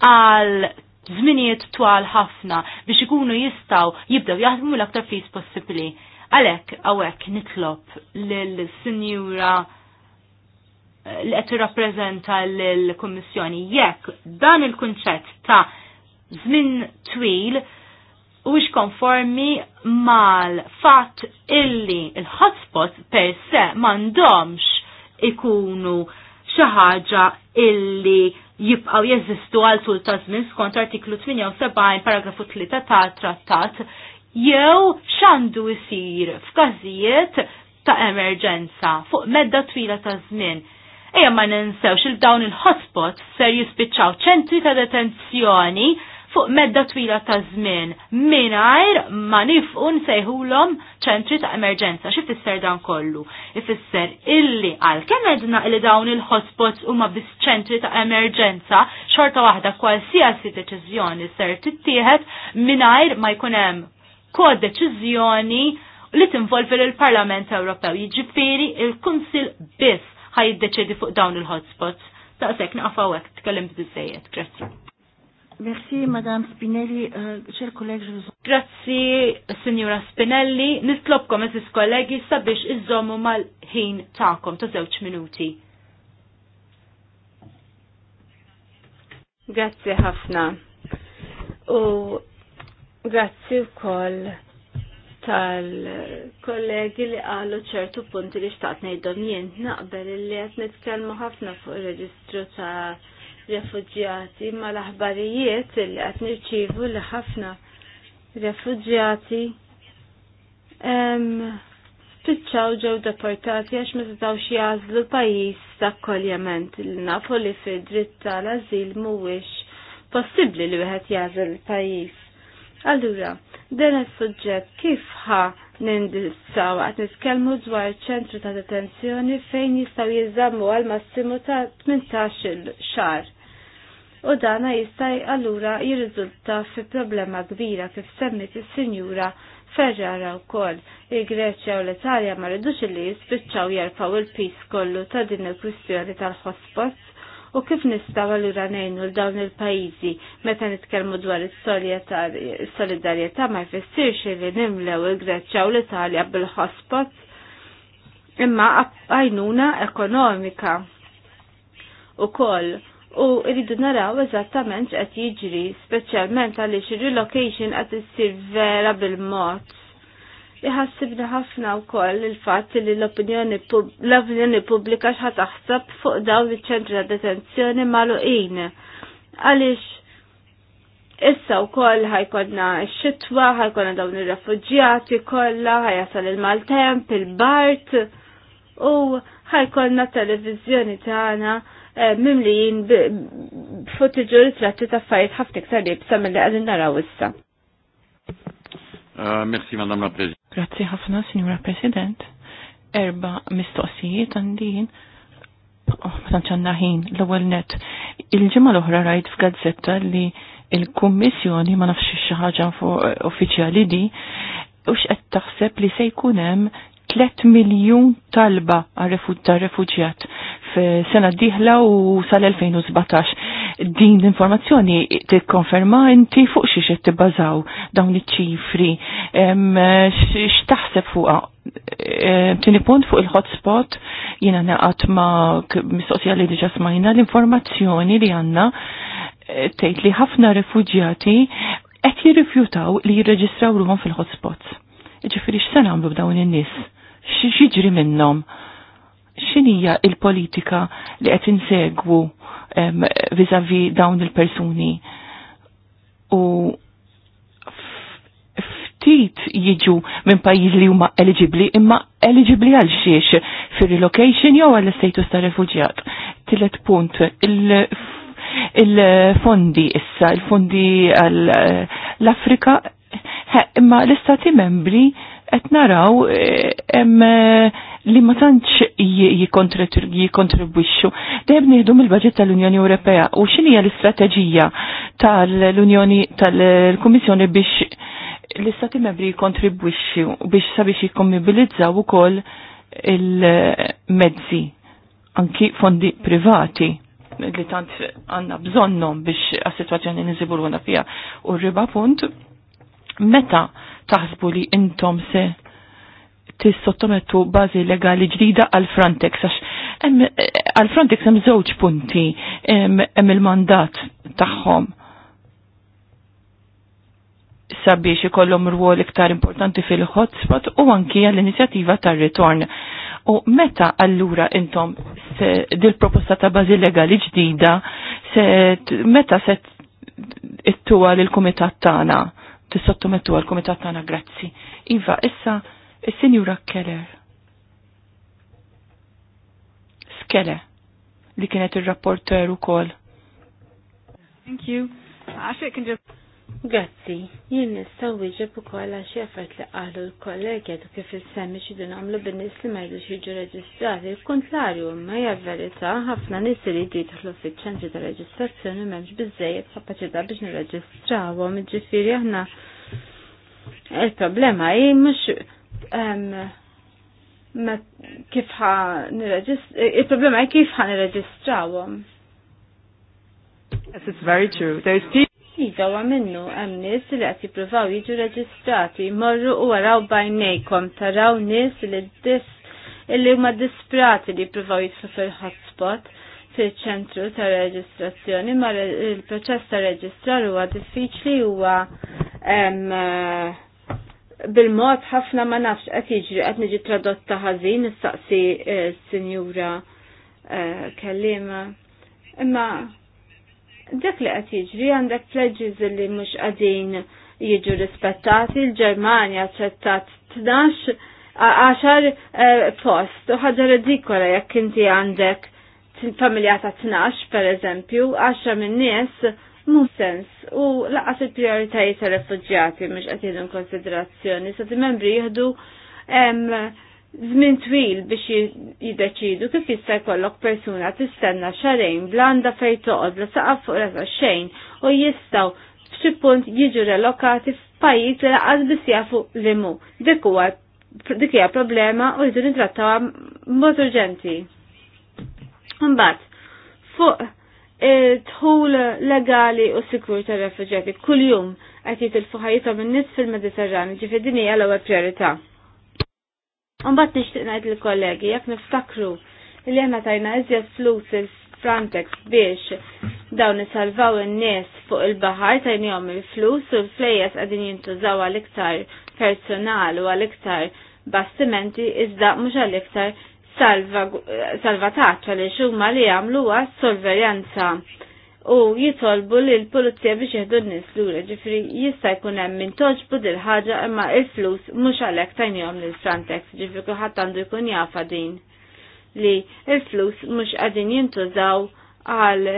[SPEAKER 3] għal żminijiet twal ħafna biex ikunu jistaw jibdew jaħdmu l-aktar fis possibbli. Għalhekk hawnhekk nitlob lill-Sinjura eh, li qed tirrappreżenta lill-Kummissjoni jekk dan il-kunċett ta' żmien twil u konformi mal-fat illi il-hotspot per se mandomx ikunu xaħġa illi jibqaw jeżistu għal tul ta' żmien skont artiklu 78 paragrafu 3 ta' trattat jew xandu jisir f'każijiet ta' emerġenza fuq medda twila ta' żmien. Ejja ma ninsewx il-dawn il hotspot ser jispiċċaw ċentri ta' detenzjoni fuq medda twila ta' żmien mingħajr ma nifqun sejhulom ċentri ta' emerġenza. Xi dan kollu? Ifisser illi għal kemedna illi dawn il-hotspots huma biss ċentri ta' emerġenza xorta waħda kwalsiasi deċiżjoni ser tittieħed mingħajr ma jkun hemm kod li tinvolvi l-Parlament Ewropew, jiġifieri il-Kunsil biss ħajiddeċidi fuq dawn il-hotspots. Taqsek naqfaw hekk tkellem biżejjed, grazzi.
[SPEAKER 1] Merci, Madame Spinelli, ċer uh, kolleg
[SPEAKER 3] Grazzi, Signora Spinelli, nitlobkom eżis kollegi sabiex iżommu mal-ħin ta'kom ta' zewċ minuti. Grazzi ħafna. U grazzi u koll tal-kollegi li għallu ċertu punti li xtaqt nejdom jint naqbel li għet nitkelmu ħafna fuq il-reġistru ta' refugjati ma l-aħbarijiet li qed nirċievu li ħafna refugjati spiċċaw ġew deportati għax ma setgħux jażlu pajjiż ta' akkoljament li nafu li fi dritt tal-ażil mhuwiex possibbli li wieħed jażel pajjiż. Allura, dan is-suġġett kif ħa nindirizzaw għat niskelmu dwar ċentru ta' detenzjoni fejn jistaw jizzammu għal massimu ta' 18 xar. U dana jista' allura jirriżulta fi problema kbira kif semmit is-Sinjura Ferrara wkoll. Il-Greċja u l-Italja ma rridux li jispiċċaw jarfaw il-pis kollu ta' din il-kwistjoni tal-hotspots u kif nistaw li ngħinu l dawn il-pajjiżi meta nitkellmu dwar is-solidarjetà ma jfissirx li nimlew il-Greċċja u l-Italja bil-hotspots imma għajnuna ekonomika u koll u rridu naraw eżattament qed jiġri, speċjalment għaliex ir-relocation qed issir vera bil-mod Iħassibni ħafna wkoll il fat li l-opinjoni pubblika x'ħa taħsab fuq dawn iċ-ċentri ta' detenzjoni Maluqin. Għaliex issa wkoll ħajkonna xitwa ħajkonna dawn ir-refuġjati kollha, ħajasal il-maltemp, il-bart u ħajkonna televizjoni tagħna eh, mimlijin b'fotiġu ritratti ta' fajt ħafna iktar li b mill-li għadin naraw issa.
[SPEAKER 1] Uh, merci, Madame la Présidente.
[SPEAKER 2] Grazzi ħafna, Signora President. Erba mistoqsijiet għandin. Oh, ma tanċanna ħin, l-ewwel net. Il-ġimgħa l-oħra rajt f'gazzetta li il-Kummissjoni ma nafx xi ħaġa uffiċjali di u x'qed taħseb li se jkun hemm 3 miljun talba għal refuġjat f'sena d-dieħla u sal-2017 din l-informazzjoni tikkonferma inti fuq xiex qed tibbażaw dawn iċ-ċifri x'taħseb fuq? tini punt fuq il-hotspot jiena naqat ma mistoqsija li diġa smajna l-informazzjoni li għandna eh, tgħid li ħafna refugjati qed jirrifjutaw li jirreġistraw ruhom fil-hotspots. Ġifieri x'se nagħmlu b'dawn in-nies? X'jiġri minnhom? X'inhija il-politika li qed insegwu? vizavi dawn il-persuni. U ftit jiġu minn pajjiż li huma eligibli imma eligibli għal xiex fir relocation jew għal status ta' refuġjat. Tillet punt il-fondi il issa, il-fondi għall-Afrika, imma l-istati membri et naraw eh, em, eh, li ma tantx jikontribwixxu. Dejjem nieħdu mill baġit tal-Unjoni Ewropea u x'inhi l-istrateġija tal-Unjoni tal-Kummissjoni biex l-Istati Membri jikontribwixxu biex sabiex jikkommibilizzaw ukoll il-mezzi anki fondi privati li tant għanna bżonnom biex għas-situazzjoni nizibur għuna fija. U rriba punt, meta taħsbu li intom se tissottomettu bażi legali ġdida għal Frontex eh, għal Frontex hemm żewġ punti hemm il-mandat tagħhom sabiex ikollhom rwol iktar importanti fil-hotspot u anki għall-inizjattiva tar-ritorn. U meta allura intom se dil-proposta ta' bażi legali ġdida se meta se ittuwa lill kumitat tagħna? tissottomettu għal komitat tagħna grazzi. Iva, issa il sinjura Keller. Skele li kienet ir-rapporter ukoll.
[SPEAKER 3] Thank you. Actually, I can just Grazzi, jien nistaw wieġeb ukoll għal xi affert li qalu l-kollegja tu kif issemmi x'idu nagħmlu bin-nies li ma jgħidux jiġu reġistrati, il-kontrarju ma hija verità ħafna nies li jridu jidħlu fiċ-ċentri ta' reġistrazzjoni m'hemmx biżejjed kapaċità biex nirreġistrawhom, iġifieri aħna il-problema hi mhux ehm, kif ħa il-problema kif ħa nirreġistrawhom.
[SPEAKER 2] Yes, it's very true. There's people
[SPEAKER 3] Iva wa minnu hemm nies li qed jippruvaw jiġu reġistrati, morru u għaraw bajnejkom taraw nies li dis illi huma disprati li provaw jidu fil-hotspot fil-ċentru ta' reġistrazzjoni, ma il-proċess ta' reġistrar huwa diffiċli huwa eh, bil-mod ħafna ma nafx qed jiġri qed niġi tradotta ħażin nistaqsi s-sinjura eh, eh, kellima. Imma dak li qed jiġri għandek pledges li mhux qegħdin jiġu rispettati, l ġermanja ċettat 12 għaxar eh, post u ħaġa redikola jekk inti għandek familja ta' 12 per eżempju, 10 minn nies mu sens u laqas il-prioritajiet tal refugjati mhux qed jieħdu konsiderazzjoni, sa' ti membri jieħdu żmien twil biex jiddeċidu kif jista' jkollok persuna tistenna xarejn blanda fejn toqgħod la saqaf fuq rasa xejn u jistgħu f'xi punt jiġu relokati f'pajjiż li laqas biss jafu limu. Dik huwa dik hija problema u jridu nitrattaw b'mod urġenti. Imbagħad fuq e, tħul legali u sikur ta' refuġjati kuljum qed jitilfu ħajjithom in-nies fil-Mediterran, ġifi din hija l-ewwel priorità. Unbat nixtieq ngħid lill-kollegi jekk niftakru li jena tajna iżjed flus il-Frontex biex dawn isalvaw in-nies fuq il-baħar jom il-flus u l-flejjes qegħdin jintużaw għal-iktar personal u għal-iktar bastimenti iżda mhux għal-iktar salvataċċa li xumma li għamlu għas solverjanza u jitolbu li l-pulizija biex jihdu n-nis l-ura ġifri jista jkun hemm min toġbu dil ħaġa imma il-flus mhux għalhekk tajnihom lil Frontex ġifri kulħadd għandu jkun jafa din li il-flus mhux qegħdin jintużaw għal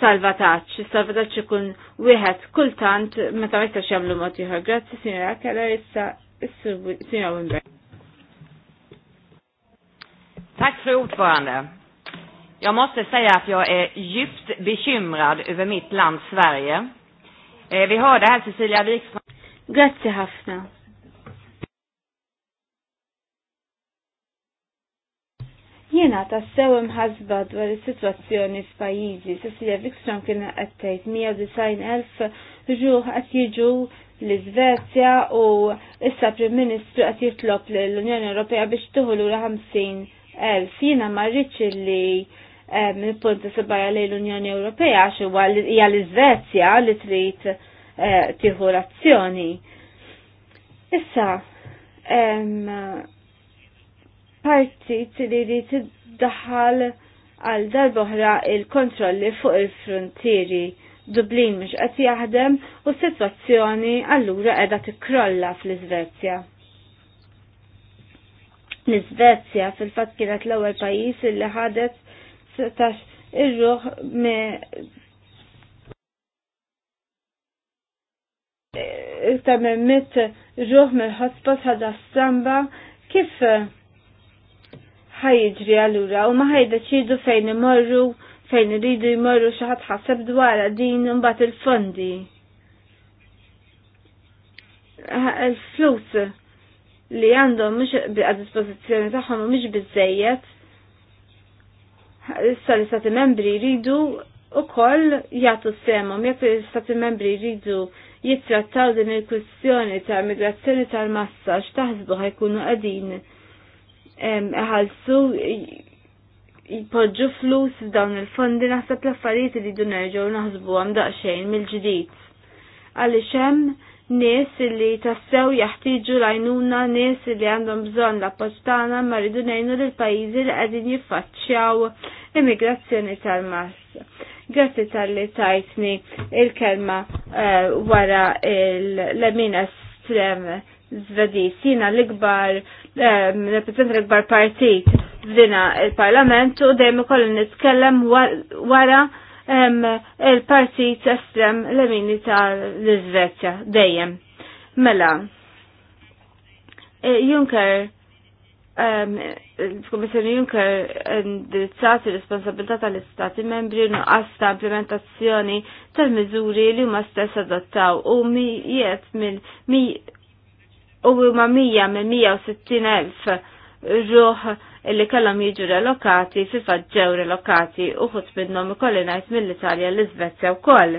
[SPEAKER 3] salvataċ, eh, salvataċ ikun wieħed kultant meta ma jistax jagħmlu mod ieħor. Grazzi Sinjora Keller issa Sinjora Wimberg. Tack fru ordförande.
[SPEAKER 2] Jag måste säga att jag är djupt bekymrad över mitt land
[SPEAKER 3] Sverige. Eh, vi hörde här Cecilia Wikström. Grazie Hafna. Jena ta' sew imħasba dwar is-sitwazzjoni f'pajjiżi. Cecilia Wikström kien qed tgħid 190,000 ruħ qed jiġu l-Iżvezja u issa Prim Ministru qed jitlob lill-Unjoni Ewropea biex tieħu lura 50,000. Jiena ma rridx li minn punti sebajja li l-Unjoni Ewropea għax hija l-Iżvezja li trid eh, tieħu azzjoni Issa, parti li li tiddaħħal għal darboħra il-kontrolli fuq il-frontieri Dublin mhux qed jaħdem u s-sitwazzjoni allura qiegħda tikkrolla fl-Iżvezja. L-Iżvezja fil-fatt kienet l-ewwel pajjiż li ħadet 19 irruħ me ta' memmit ruħ mill hotspot ħadha s-samba kif ħajġri għallura u ma ħajdeċidu fejn imorru fejn iridu jmorru xi ħadd ħaseb dwarha din mbat il-fondi. Il-flus li għandhom mhux għad dispożizzjoni tagħhom mhux biżejjed issa l-istati membri jridu u koll jgħatu jekk jgħak l-istati membri jridu jittrattaw din il-kwistjoni ta' migrazzjoni tal-massa, x'taħsbu ħajkunu qegħdin ħalsu jpoġġu flus f'dawn il-fondi naħseb l-affarijiet li jdu nerġgħu naħsbu għam daqsxejn mill-ġdid. Għaliex hemm nies li tassew jaħtiġu lajnuna nies li għandhom bżonn la postana ma rridu nejnu lil pajjiżi li qegħdin jiffaċċjaw immigrazzjoni tal-mass. Grazzi tal-li tajtni il-kelma eh, wara l-lemin estrem zvedi sina l-ikbar eh, reprezentant l-ikbar partit f'dina il-parlament u dejjem ikollu nitkellem wara il-partit estrem l-emini tal-Izvezja, dejjem. Mela, eh, Juncker, il-Komissjoni Juncker indirizzati responsabilità tal-Istati membri nuqqas ta' implementazzjoni tal-miżuri li huma stess adottaw u mijiet mill u ma' mija mill-160 elf ruħ illi kellhom jiġu relokati fi ġew relokati uħut minnhom ikolli ngħid mill-Italja l-Iżvezja wkoll.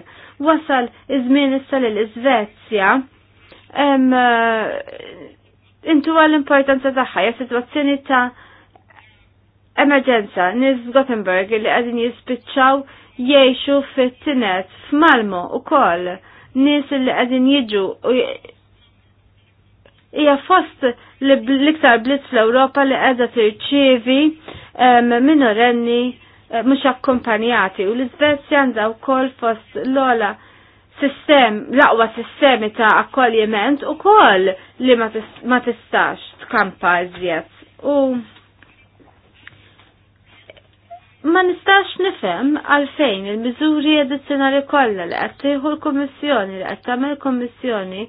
[SPEAKER 3] Wasal iż-żmien issa l iżvezja eh, intu għall-importanza tagħha hija sitwazzjoni ta' emerġenza nis Gothenburg li għadin jispiċċaw jiexu fit-tinet f'Malmo u koll nis li għadin jiġu hija fost l-iktar blitz fl-Ewropa li qiegħda tirċievi minorenni eh, mhux akkumpanjati u l-Iżvezja għandha wkoll fost l-ola sistem, l-aqwa sistemi ta' akkoljiment u koll li ma tistax tkampa iżjed. U ma nistax nifhem għalfejn il-miżuri addizzjonali kollha li qed tieħu l-Kummissjoni li qed tagħmel kommissjoni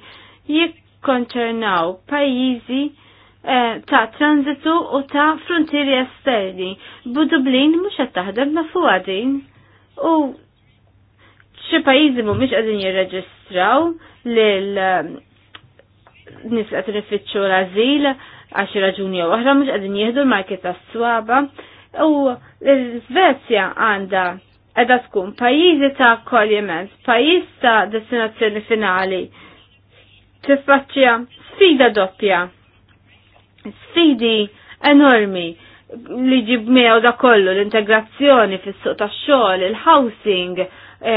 [SPEAKER 3] jekk jikkonċernaw pajjiżi eh, ta' tranzitu u ta' frontieri esterni. Budublin mhux qed taħdem nafuha din. U xi pajjiżi mhumiex qegħdin jirreġistraw lil eh, nis qed nifittxu l-azil għax raġuni u oħra mhux qegħdin jieħdu l-marki tas-swaba. U l-Svezja għandha edha tkun pajjiżi ta' kolliment, pajjiż ta' destinazzjoni finali tiffaċċja sfida doppja. Sfidi enormi li ġib miegħu da kollu l-integrazzjoni fis-suq tax-xogħol, il-housing,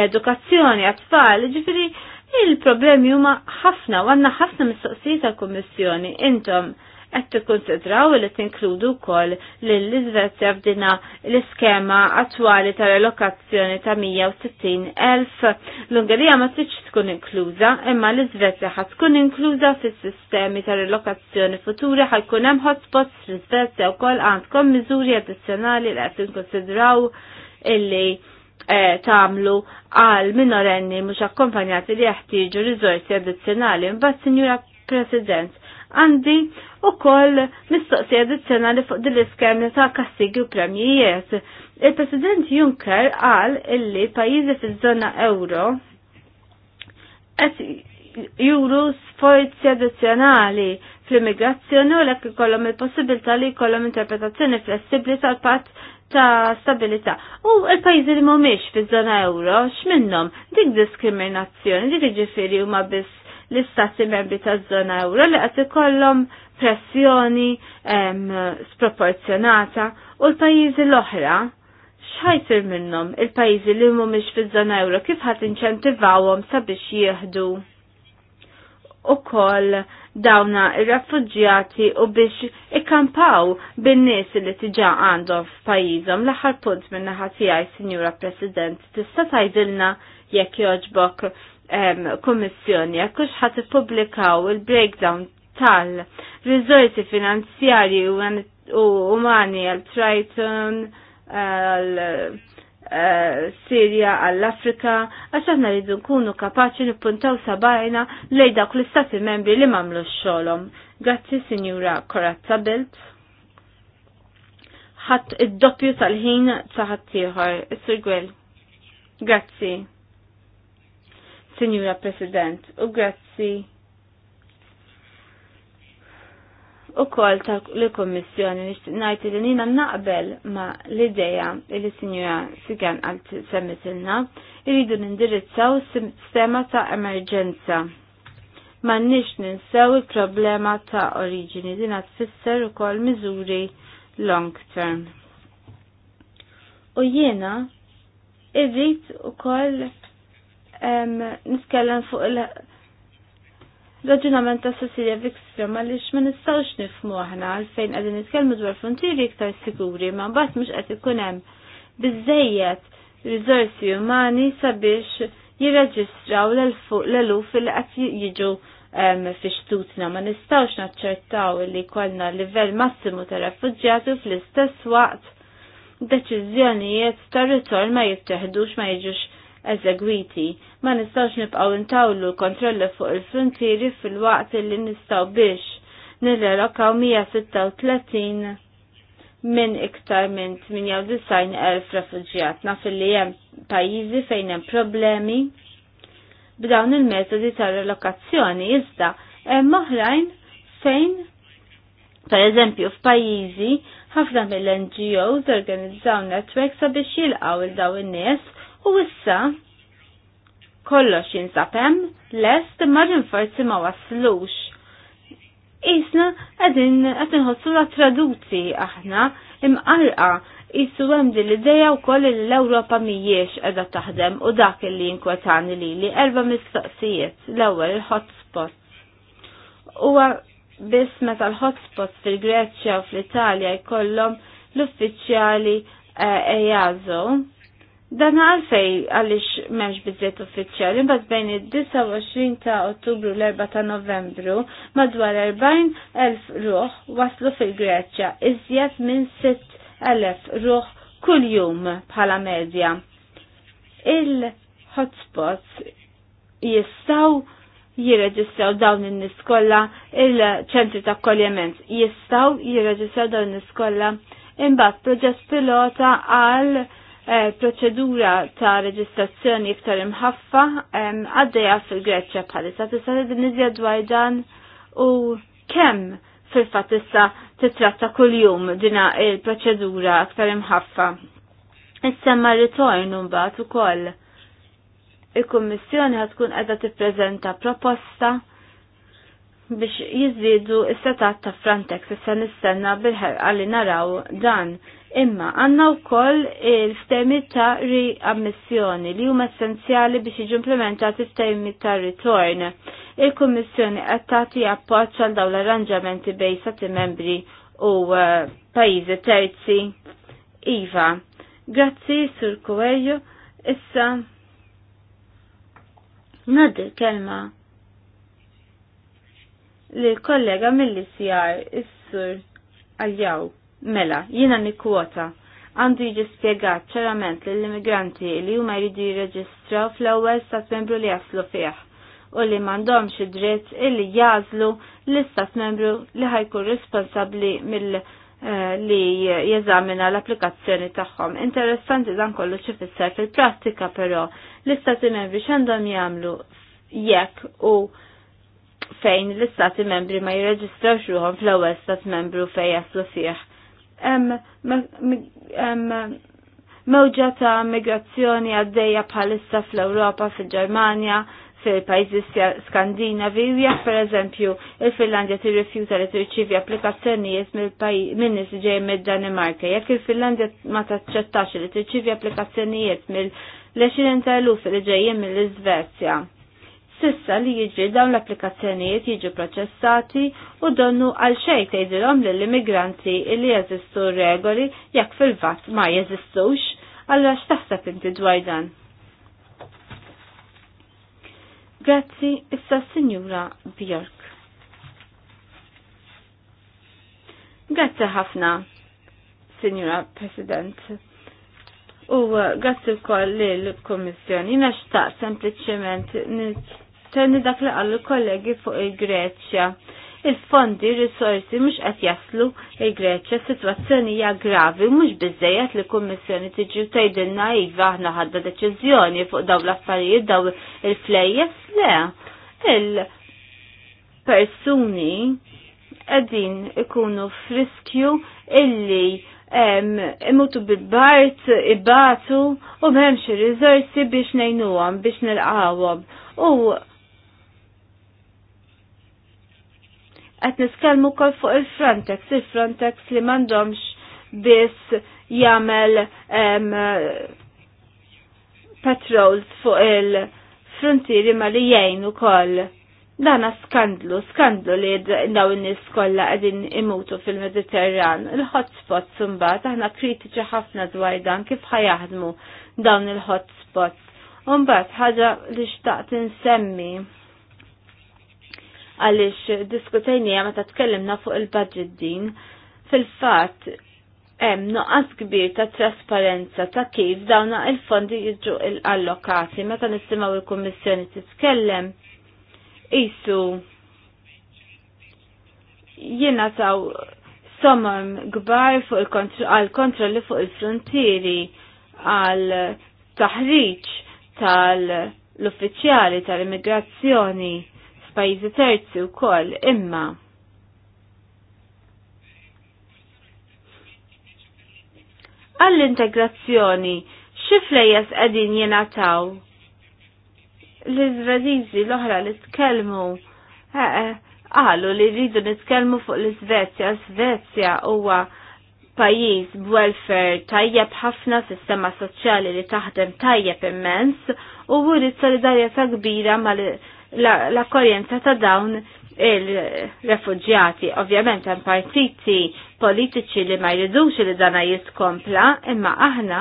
[SPEAKER 3] edukazzjoni għat-tfal, ġifieri il-problemi huma ħafna u għandna ħafna mistoqsijiet tal-Kummissjoni. Intom qed tikkonsidraw li tinkludu wkoll l izvezja f'dina l-iskema attwali tal-allokazzjoni ta' 160.000. elf. L-Ungerija ma tridx tkun inkluża, imma l izvezja ħad tkun inkluża fis-sistemi tal-allokazzjoni futura ħajkun hemm hotspots fl izvezja wkoll għandkom miżuri addizzjonali li qed tinkonsidraw illi eh, tamlu għal minorenni mhux akkompanjati li jeħtieġu riżorsi addizzjonali. Mbagħad, Sinjura President, għandi u koll mistoqsija addizzjonali fuq dil-iskem ta' kassigi u Il-President Juncker għal illi pajizi fil-zona euro juru sforzi addizzjonali fl-immigrazzjoni u l-ek kollom il-possibilità li kollom interpretazzjoni flessibli tal-pat ta' stabilità. U il-pajzi li mumiex fil zona euro, x'minnhom dik diskriminazzjoni, dik ġifiri huma biss l-istati membri ta' zona euro li għati ikollhom pressjoni sproporzjonata u l-pajjiżi l-oħra xħajsir minnom il-pajizi li mumiex fi żona euro kif ħat inċentivawom sabiex jieħdu u koll dawna il refugġjati u biex ikkampaw bin-nies li tiġa għandhom f'pajjiżhom l-aħħar punt minna ħatijaj, Sinjura President, tista' tgħidilna jekk joġbok kummissjoni jekk hux ħadd ippubblikaw il-breakdown tal-riżorsi finanzjarji u umani għal Triton għal eh, Sirja għall-Afrika għax aħna rridu nkunu kapaċi nippuntaw sabajna lej dawk l-istati membri li mamlu x-xolom. Grazzi Sinjura Korazza Belt. Ħadd id-doppju tal-ħin ta' ħaddieħor, is Grazzi. Signora President, u grazzi u kol ta' l li najt li nina naqbel ma l-ideja li Signora Sigan għalt semmitilna irridu nindirizzaw sistema ta' emerġenza. Ma nix ninsew il-problema ta' oriġini din tfisser u kol miżuri long term. U jiena irrit u koll Niskellem fuq il-raġunament ta' Cecilia Wikström għaliex ma nistgħux nifhmu aħna għalfejn qegħdin nitkellmu dwar frontieri iktar siguri ma mbagħad mhux qed ikun hemm rizorsi umani sabiex jirreġistraw l-eluf li qed jiġu fi xtutna ma nistawx naċċertaw li kollna livell massimu ta' refugġjati fl-istess waqt deċiżjonijiet ta' ritorn ma jittieħdux ma jiġux eżegwiti. Ma nistawx nibqaw intawlu kontrolli fuq il-frontieri fil-waqt li nistaw biex nirrelokaw 136 minn iktar minn 98,000 refugjat. Naf li hemm pajjiżi fejn hemm problemi b'dawn il-metodi ta' relokazzjoni iżda hemm oħrajn fejn Per eżempju, f'pajjiżi ħafna mill-NGOs organizzaw netwerk sabiex jilqaw il daw in-nies U issa kollox jinsabem lest maġin forzi ma waslux. Isna għedin għedin ħossu la traduzi aħna imqalqa jissu għem din l-ideja u koll l-Europa mijiex edha taħdem u dak li jinkwetani li li erba mistoqsijiet l-ewel hotspots U bis meta l-hotspots fil-Greċja u fl-Italja jkollhom l-uffiċjali EASO eh, e Dan għalfej għalix memx bizzet uffiċjali, bas bejn id-29 ta' ottubru l-4 ta' novembru madwar 40.000 ruħ waslu fil-Greċja, iżjed minn 6.000 ruħ kull jum bħala medja. Il-hotspots jistaw jirreġistraw dawn in niskolla il-ċentri ta' akkoljament jistaw jirreġistraw dawn in niskolla imbagħad proġett pilota għal Eh, proċedura ta' reġistrazzjoni iktar imħaffa għaddeja fil-Greċja bħalissa tista' tidinizja dwar dan u kemm fil-fatt issa titratta kuljum dina il-proċedura aktar imħaffa. Issemma ritorn mbagħad ukoll il-Kummissjoni ħatkun qiegħda tippreżenta proposta biex jiżidu s-setat ta' Frontex issa nistenna bil-ħerqa li naraw dan Imma għanna u koll il stemmi ta' riammissjoni li huma essenzjali biex iġu implementati stemmi ta' ritorn. Il-Kommissjoni qed tagħti appoġġ għal dawn l-arranġamenti bej sati membri u eh, pajjiżi terzi. Iva, grazzi sur Kuwejo, issa nadi kelma li kollega mill-ICR, is-sur għaljaw. Mela, jina nikkwota għandu jiġi spiegat ċerament l-immigranti li huma jridu jirreġistraw fl-ewwel stat membru li jaslu fih u li m'għandhomx id-dritt illi jażlu l-istat membru li ħajkun responsabbli mill- eh, li jeżamina l-applikazzjoni tagħhom. Interessanti dan kollu xi fisser fil-prattika però l-istati membri x'għandhom jagħmlu jekk u fejn l-istati membri ma jirreġistrawx ruhom fl-ewwel stat membru fejn jaslu fih mewġa ta' migrazzjoni għaddejja bħalissa fl-Ewropa, fil-Ġermanja, fil-pajzi skandinavi, u jekk per eżempju il-Finlandja tirrifjuta li tirċivi applikazzjonijiet minnis ġej mid-Danimarka, jekk il-Finlandja ma taċċettax li tirċivi applikazzjonijiet mill-20 ta' eluf li ġejjin mill-Svezja sissa li jiġi dawn l-applikazzjonijiet jiġu proċessati u donnu għal xejn tgħidilhom lill-immigranti li jeżistu regoli jekk fil-fatt ma jeżistux, allura x'taħseb inti dwar dan? Grazzi issa Sinjura Bjork. Grazzi ħafna, Sinjura President. U grazzi wkoll lill-Kummissjoni, naxtaq sempliċement tenni dak li għallu kollegi fuq il-Greċja. Il-fondi, risorsi mux għat jaslu il-Greċja, situazzjoni hija gravi, mux bizzejet li kummissjoni tiġi tajdinna iva aħna ħadda deċizjoni fuq daw l-affarijiet, daw il-flejjes, le. Il-persuni għedin ikunu friskju illi imutu bid-bart, ibbatu u memx rizorsi biex nejnuwam, biex nil-għawab. U Qed nitkellmu wkoll fuq il-Frontex, il-Frontex li m'għandhomx biss jagħmel patrols fuq il-frontieri ma li jgħin ukoll. Dana skandlu, skandlu li daw in-nies kollha qegħdin imutu fil-Mediterran. Il-hotspots imbagħad aħna kritiċi ħafna dwar dan kif ħajahdmu dawn il-hotspots. Imbagħad ħaġa li xtaqt insemmi għaliex diskutejnija meta tkellimna fuq il-budget din. Fil-fatt, hemm nuqqas kbir ta' trasparenza ta' kif dawn il-fondi jiġu allokati meta nisimgħu il-Kummissjoni titkellem isu jiena taw somam gbar fuq il-kontrolli fuq il-frontieri għal taħriġ tal-uffiċjali tal-immigrazzjoni pajjiżi terzi wkoll imma għall-integrazzjoni xiflejas għedin qegħdin jingħataw l-Iżvediżi l-oħra li tkellmu eh, eh, qalu li rridu nitkellmu fuq l-Iżvezja, Svezja huwa pajjiż b'welfare tajjeb ħafna sistema soċjali li taħdem tajjeb immens u wurid solidarjetà kbira mal l-akkorjenza ta' dawn il-refugġjati. Ovvjament hemm partiti politiċi li ma jridux li dana jiskompla imma aħna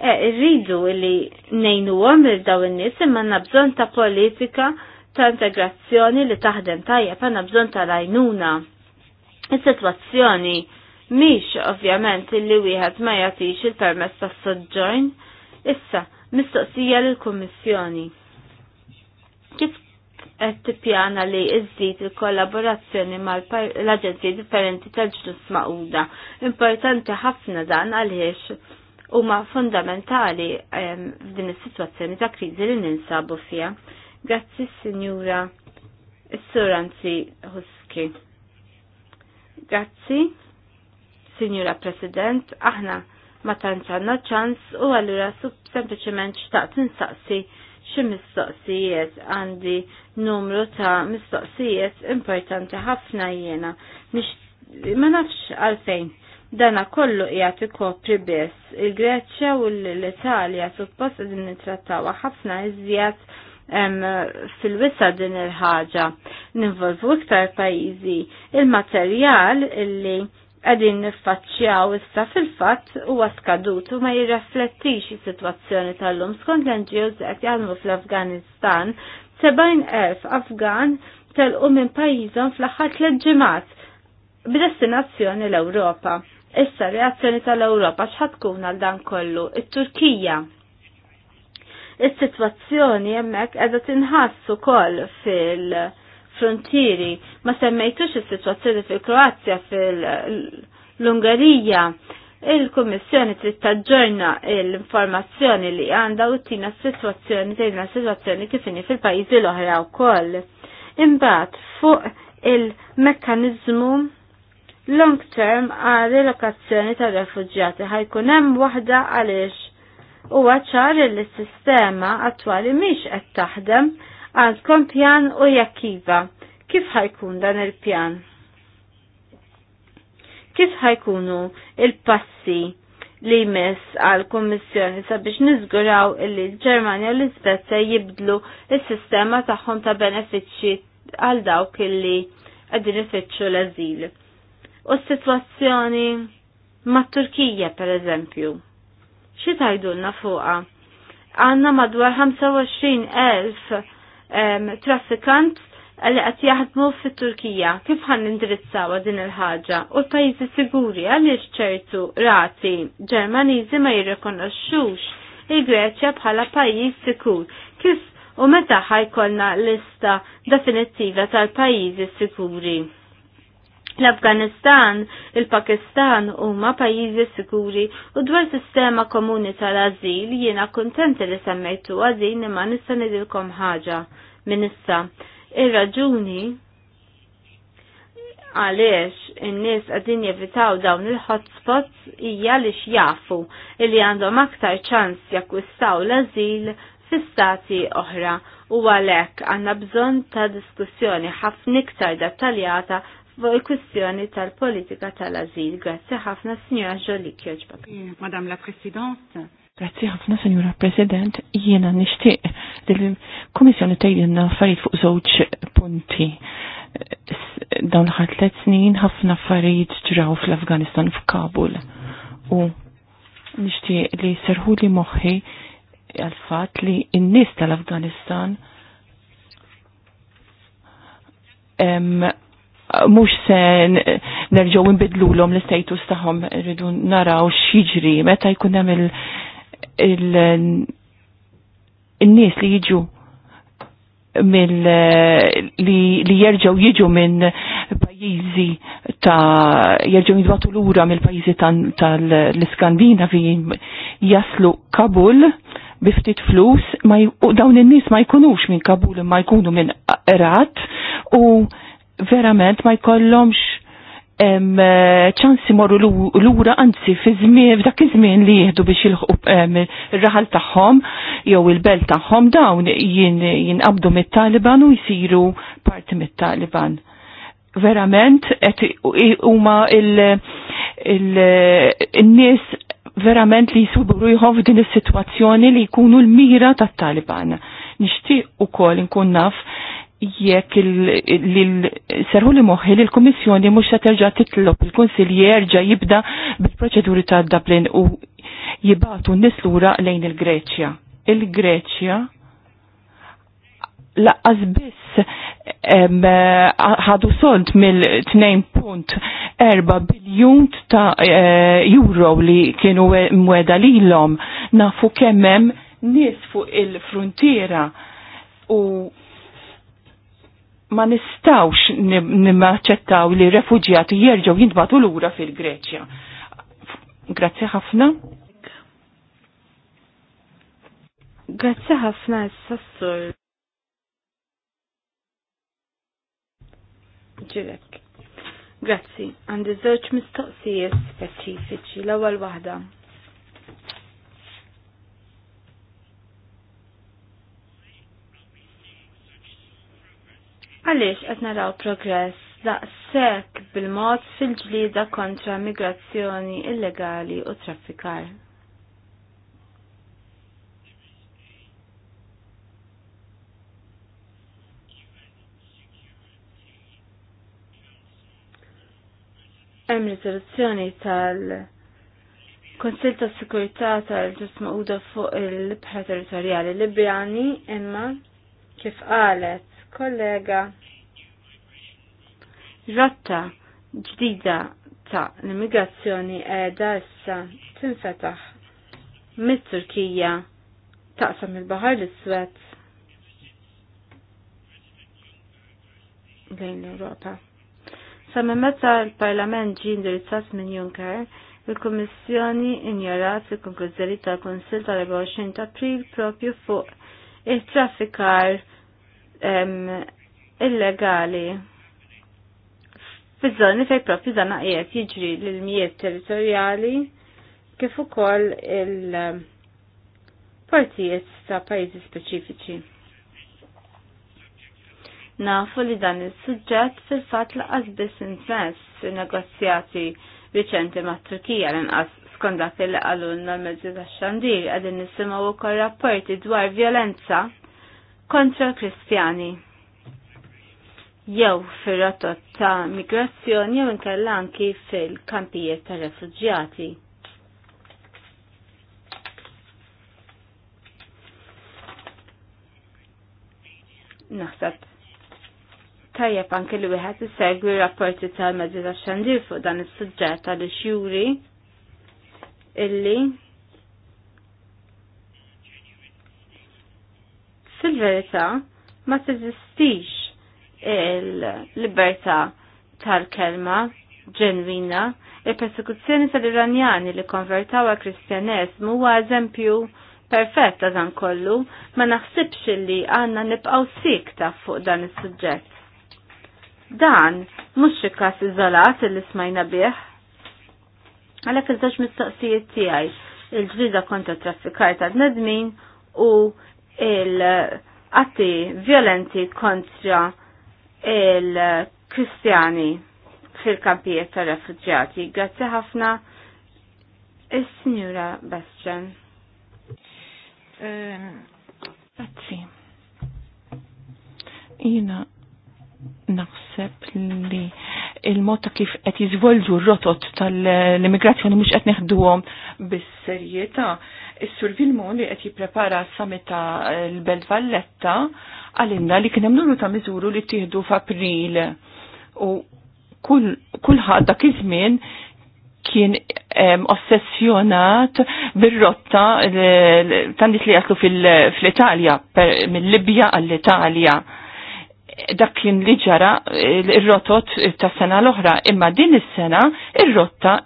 [SPEAKER 3] e, rridu li għom lil daw in-nies imma nabżon bżonn ta' politika ta' integrazzjoni li taħdem tajjeb pa' bżonn ta' lajnuna. Is-sitwazzjoni mhix ovvjament li wieħed ma jagħtix il-permess tas-soġġorn. Issa, mistoqsija lill-Kummissjoni. Kif qed tippjana li iżżid il-kollaborazzjoni mal-aġenziji differenti tal-ġnus maquda. Importanti ħafna dan għaliex huma fundamentali ehm, f'din is-sitwazzjoni ta' kriżi li ninsabu fiha. Grazzi Sinjura Issuranzi Huski. Grazzi, Sinjura President, aħna ma tantx għandna ċans u allura sempliċement xtaqt nsaqsi xi mistoqsijiet għandi numru ta' mistoqsijiet importanti ħafna jiena. Ma nafx għalfejn dana kollu qiegħed ikopri biss il-Greċja u l-Italja suppost qegħdin nittrattawha ħafna iżjed fil wisa din il-ħaġa. Ninvolvu iktar pajjiżi il-materjal illi għadin nifacċjaw issa fil-fat u għaskadut u ma jirreflettix il-situazzjoni tal-lum. Skont l-NGOs għek jgħalmu fl-Afganistan, 70.000 Afgan telqu minn pajizom fl-axħar tleġġimat b'destinazzjoni l-Ewropa. Issa reazzjoni tal-Ewropa xħatkun għal dan kollu, il turkija Is-situazzjoni jemmek edha tinħassu koll fil- frontieri ma semmejtux is-sitwazzjoni fil-Kroazja fil-Ungarija. Il-Kummissjoni trid taġġorna l-informazzjoni li għandha u tina s-sitwazzjoni situazzjoni s-sitwazzjoni kif inhi fil-pajjiżi l-oħra wkoll. Imbagħad fuq il-mekkaniżmu long term għal relokazzjoni tar-refuġjati ħajkun hemm waħda għaliex huwa ċar li s-sistema attwali mhix qed taħdem Għandkom pjan u jekk iva, kif ħajkun dan il-pjan? Kif ħajkunu il-passi li jmiss għal kummissjoni sabiex nizguraw illi l-Ġermanja u l-Iżvezja jibdlu il-sistema tagħhom ta' benefiċċji għal dawk illi għadin ifittxu l-azil. U s-situazzjoni ma' Turkija per eżempju. Xi tajdulna fuqa? Għanna madwar 25,000 traffikant għalli għat jaħdmu fit-Turkija, kif ħan indirizzawa din il-ħagġa u l pajjiżi siguri għalli ċertu rati ġermaniżi ma jirrekonoxxux il-Greċja bħala pajjiż sikur. Kif u meta ħajkolna lista definittiva tal pajjiżi siguri? L-Afganistan, il-Pakistan huma pajjiżi sikuri u dwar sistema komuni tal-azil jiena kuntenti li semmejtu għażin ma nista' nidilkom ħaġa Minissa, issa. Ir-raġuni għaliex in-nies qegħdin jevitaw dawn il-hotspots hija li xjafu li għandhom aktar ċans jakkwistaw l-azil fi stati oħra u għalhekk għandna bżonn ta' diskussjoni ħafna iktar dettaljata fuq il-kwistjoni tal-politika tal-azil. Grazzi ħafna, Signora Jolie Kjoġbak. Eh, Madam la Presidente.
[SPEAKER 2] Grazzi ħafna, Signora President. Jiena nishtiq dil-Komissjoni tgħidilna affarijiet fuq żewġ punti. Dawn ħar tliet snin ħafna affarijiet ġraw fl-Afganistan f'Kabul. U nishtiq li serħu li moħħi għal-fat li n-nies tal-Afganistan mux se nerġaw imbidlu l-istatus tagħhom rridu naraw x'jiġri meta jkun hemm il-nies li jiġu mill li, jerġgħu jiġu minn pajjiżi ta' jerġgħu jidbatu lura mill-pajjiżi tal-Iskandinavi jaslu Kabul biftit flus ma dawn in-nies ma jkunux minn Kabul ma jkunu minn Erat u verament ma jkollhomx eh, ċansi imorru l-ura, anzi, fi żmien, f'dak iż-żmien li jieħdu biex il-raħal tagħhom jew il-belt tagħhom dawn jinqabdu mit-Taliban u jsiru parti mit-Taliban. Verament, huma il-nies verament li jisuburu jħof din is-sitwazzjoni li jkunu l-mira tat-Taliban. Nixtieq ukoll inkun naf jekk serħu li moħħi li l-Komissjoni mhux se terġa' titlob il-Kunsill jerġa' jibda bil-proċeduri ta' Dublin u jibatu nislura nies lura lejn il-Greċja. Il-Greċja laqqas biss ħadu sold mill-2.4 biljun ta' eh, euro li kienu mweda lilhom nafu kemm hemm nies fuq il-frontiera u ma nistawx nimaċċettaw li refugjati jerġgħu jintbatu lura fil-Greċja. Grazzi ħafna.
[SPEAKER 3] Grazzi ħafna s-sassur. Ġilek. Grazzi, għandi żewġ mistoqsijiet speċifiċi l-ewwel waħda Għaliex qed naraw progress daqshekk bil-mod fil-ġlieda kontra migrazzjoni illegali u traffikar. Hemm riżoluzzjoni tal-Konsil tas Sikurità tal-Ġus Mauda fuq il-Bħra Territorjali Libjani imma kif qalet kollega rotta ġdida ta' l-immigrazzjoni qiegħda issa tinfetaħ mit-Turkija taqsam il-Baħar l swed lejn l europa Samma meta l-Parlament ġi indirizzat minn Juncker, il-Kummissjoni injorat il-konklużjoni tal-Kunsil tal-24 ta' April propju fuq it-traffikar illegali fiż-żoni fej propju dan qiegħed jiġri l miet territorjali kif ukoll il-partijiet ta' pajjiżi speċifiċi. Nafu li dan is-suġġett fil-fatt laqas biss infess fin-negozjati riċenti ma' Turkija l-inqas skont dak li l-mezzi tax-xandir qegħdin nisimgħu wkoll rapporti dwar violenza kontra kristjani. Jew fir-rotot ta' migrazzjoni jew inkella anki fil-kampijiet ta' refuġjati. Naħseb tajjeb anke li wieħed isegwi rapporti tal tax Xandir fuq dan is-suġġett għal juri illi Fil-verità ma teżistix il-libertà tal-kelma ġenwina, il-persekuzzjoni tal-Iranjani li konvertaw għal kristjaneżmu huwa eżempju perfett ta' dan kollu, ma naħsibx li għanna nibqaw sik ta' fuq dan is-suġġett. Dan mhux xi każ iżolat li smajna bih. Għalhekk iż-żewġ mistoqsijiet tiegħi il-ġrida konta traffikar ta' nedmin u il-atti violenti kontra il-Kristjani fil-kampijiet ta' refugjati. Grazzi ħafna is signora Bastian. Ehm, grazzi.
[SPEAKER 2] Jina naħseb li il-mod ta' kif qed jiżvolġu r-rotot tal-immigrazzjoni mhux qed neħduhom bis-serjetà. Is-Sur Vilmu li qed jipprepara s-summit ta' l-Belt Valletta għalimna li kien hemm numru ta' miżuru li ttieħdu f'April u kulħadd dak iż-żmien kien ossessjonat bir-rotta tan-nies li jaslu fil-Italja mill-Libja għall-Italja dak kien li ġara eh, il-rotot ta' sena l-oħra, imma din is-sena ir-rotta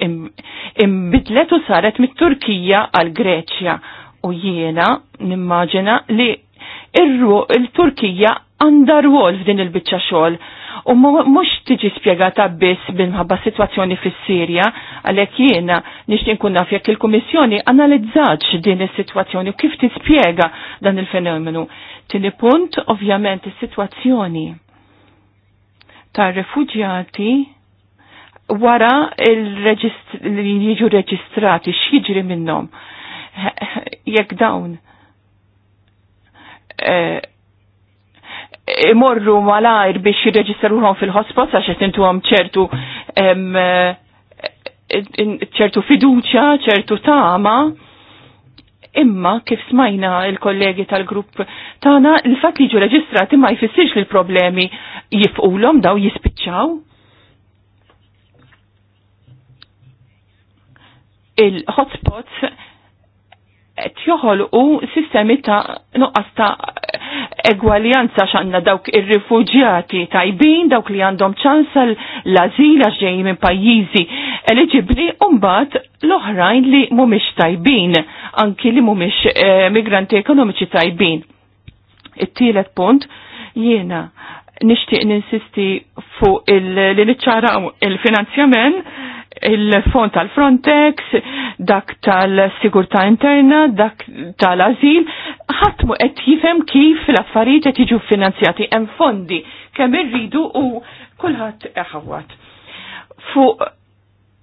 [SPEAKER 2] imbidlet u saret mit-Turkija għal Greċja. U jiena nimmaġina li il-Turkija għandha rwol f'din il-biċċa xogħol u mhux tiġi spjegata biss minħabba sitwazzjoni fis-Sirja għalhekk jiena nixtieq nkun naf jekk il-Kummissjoni analizzaċ din is-sitwazzjoni u kif tispjega dan il-fenomenu. Tini punt ovvjament is-sitwazzjoni tar-refuġjati wara li jiġu reġistrati x'jiġri minnhom jekk dawn eh, imorru malajr biex jirreġistruhom fil-hotspots għax qed intuhom ċertu ċertu fiduċa, ċertu tama. Imma kif smajna il-kollegi tal-grupp tagħna, il fat li ġu reġistrati ma jfissirx li l-problemi jifqulom daw jispiċċaw. Il-hotspots qed joħolqu sistemi ta' nuqqas ta' egwaljanza x'għandna dawk ir-rifuġjati tajbin, dawk li għandhom ċansal l-azil ġej minn pajjiżi eligibli u mbagħad l-oħrajn li mhumiex tajbin, anki li mhumiex eh, migranti ekonomiċi tajbin. It-tielet punt jiena nishtiq ninsisti fuq li niċċaraw il-finanzjament, il-fond tal-Frontex, dak tal-sigurta interna, dak tal-azil, ħatmu qed jifhem kif l-affarijiet qed jiġu finanzjati hemm fondi kemm irridu u kulħadd eħawat. Fuq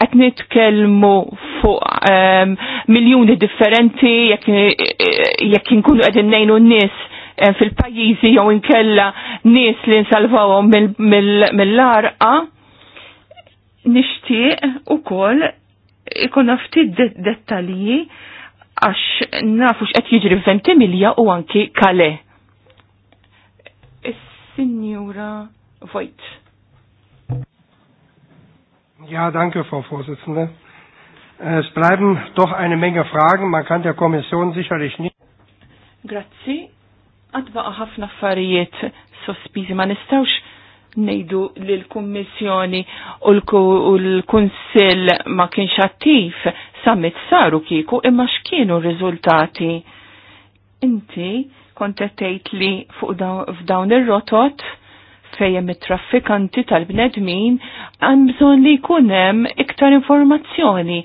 [SPEAKER 2] qed nitkellmu fuq ehm, miljuni differenti jekk inkunu qegħdin ngħinu n-nies Eh, fil-pajjiżi jew inkella nies li nsalvawhom mill-arqa nixtieq ukoll ikun ftit dettalji għax nafu x'qed jiġri f'Ventimilja u anki Kale. Is-Sinjura Vojt.
[SPEAKER 1] Ja, danke, Frau Vorsitzende. Äh, es bleiben doch eine Menge Fragen. Man kann der Kommission sicherlich nicht.
[SPEAKER 2] Grazie għadbaqa ħafna affarijiet sospiżi ma nistawx nejdu li l-Kummissjoni u l-Kunsill ma kienx attiv sammit saru kiku imma x'kienu r-riżultati. Inti kontettejt li fuq f'dawn ir-rotot fejjem it-traffikanti tal-bnedmin għan bżon li kunem iktar informazzjoni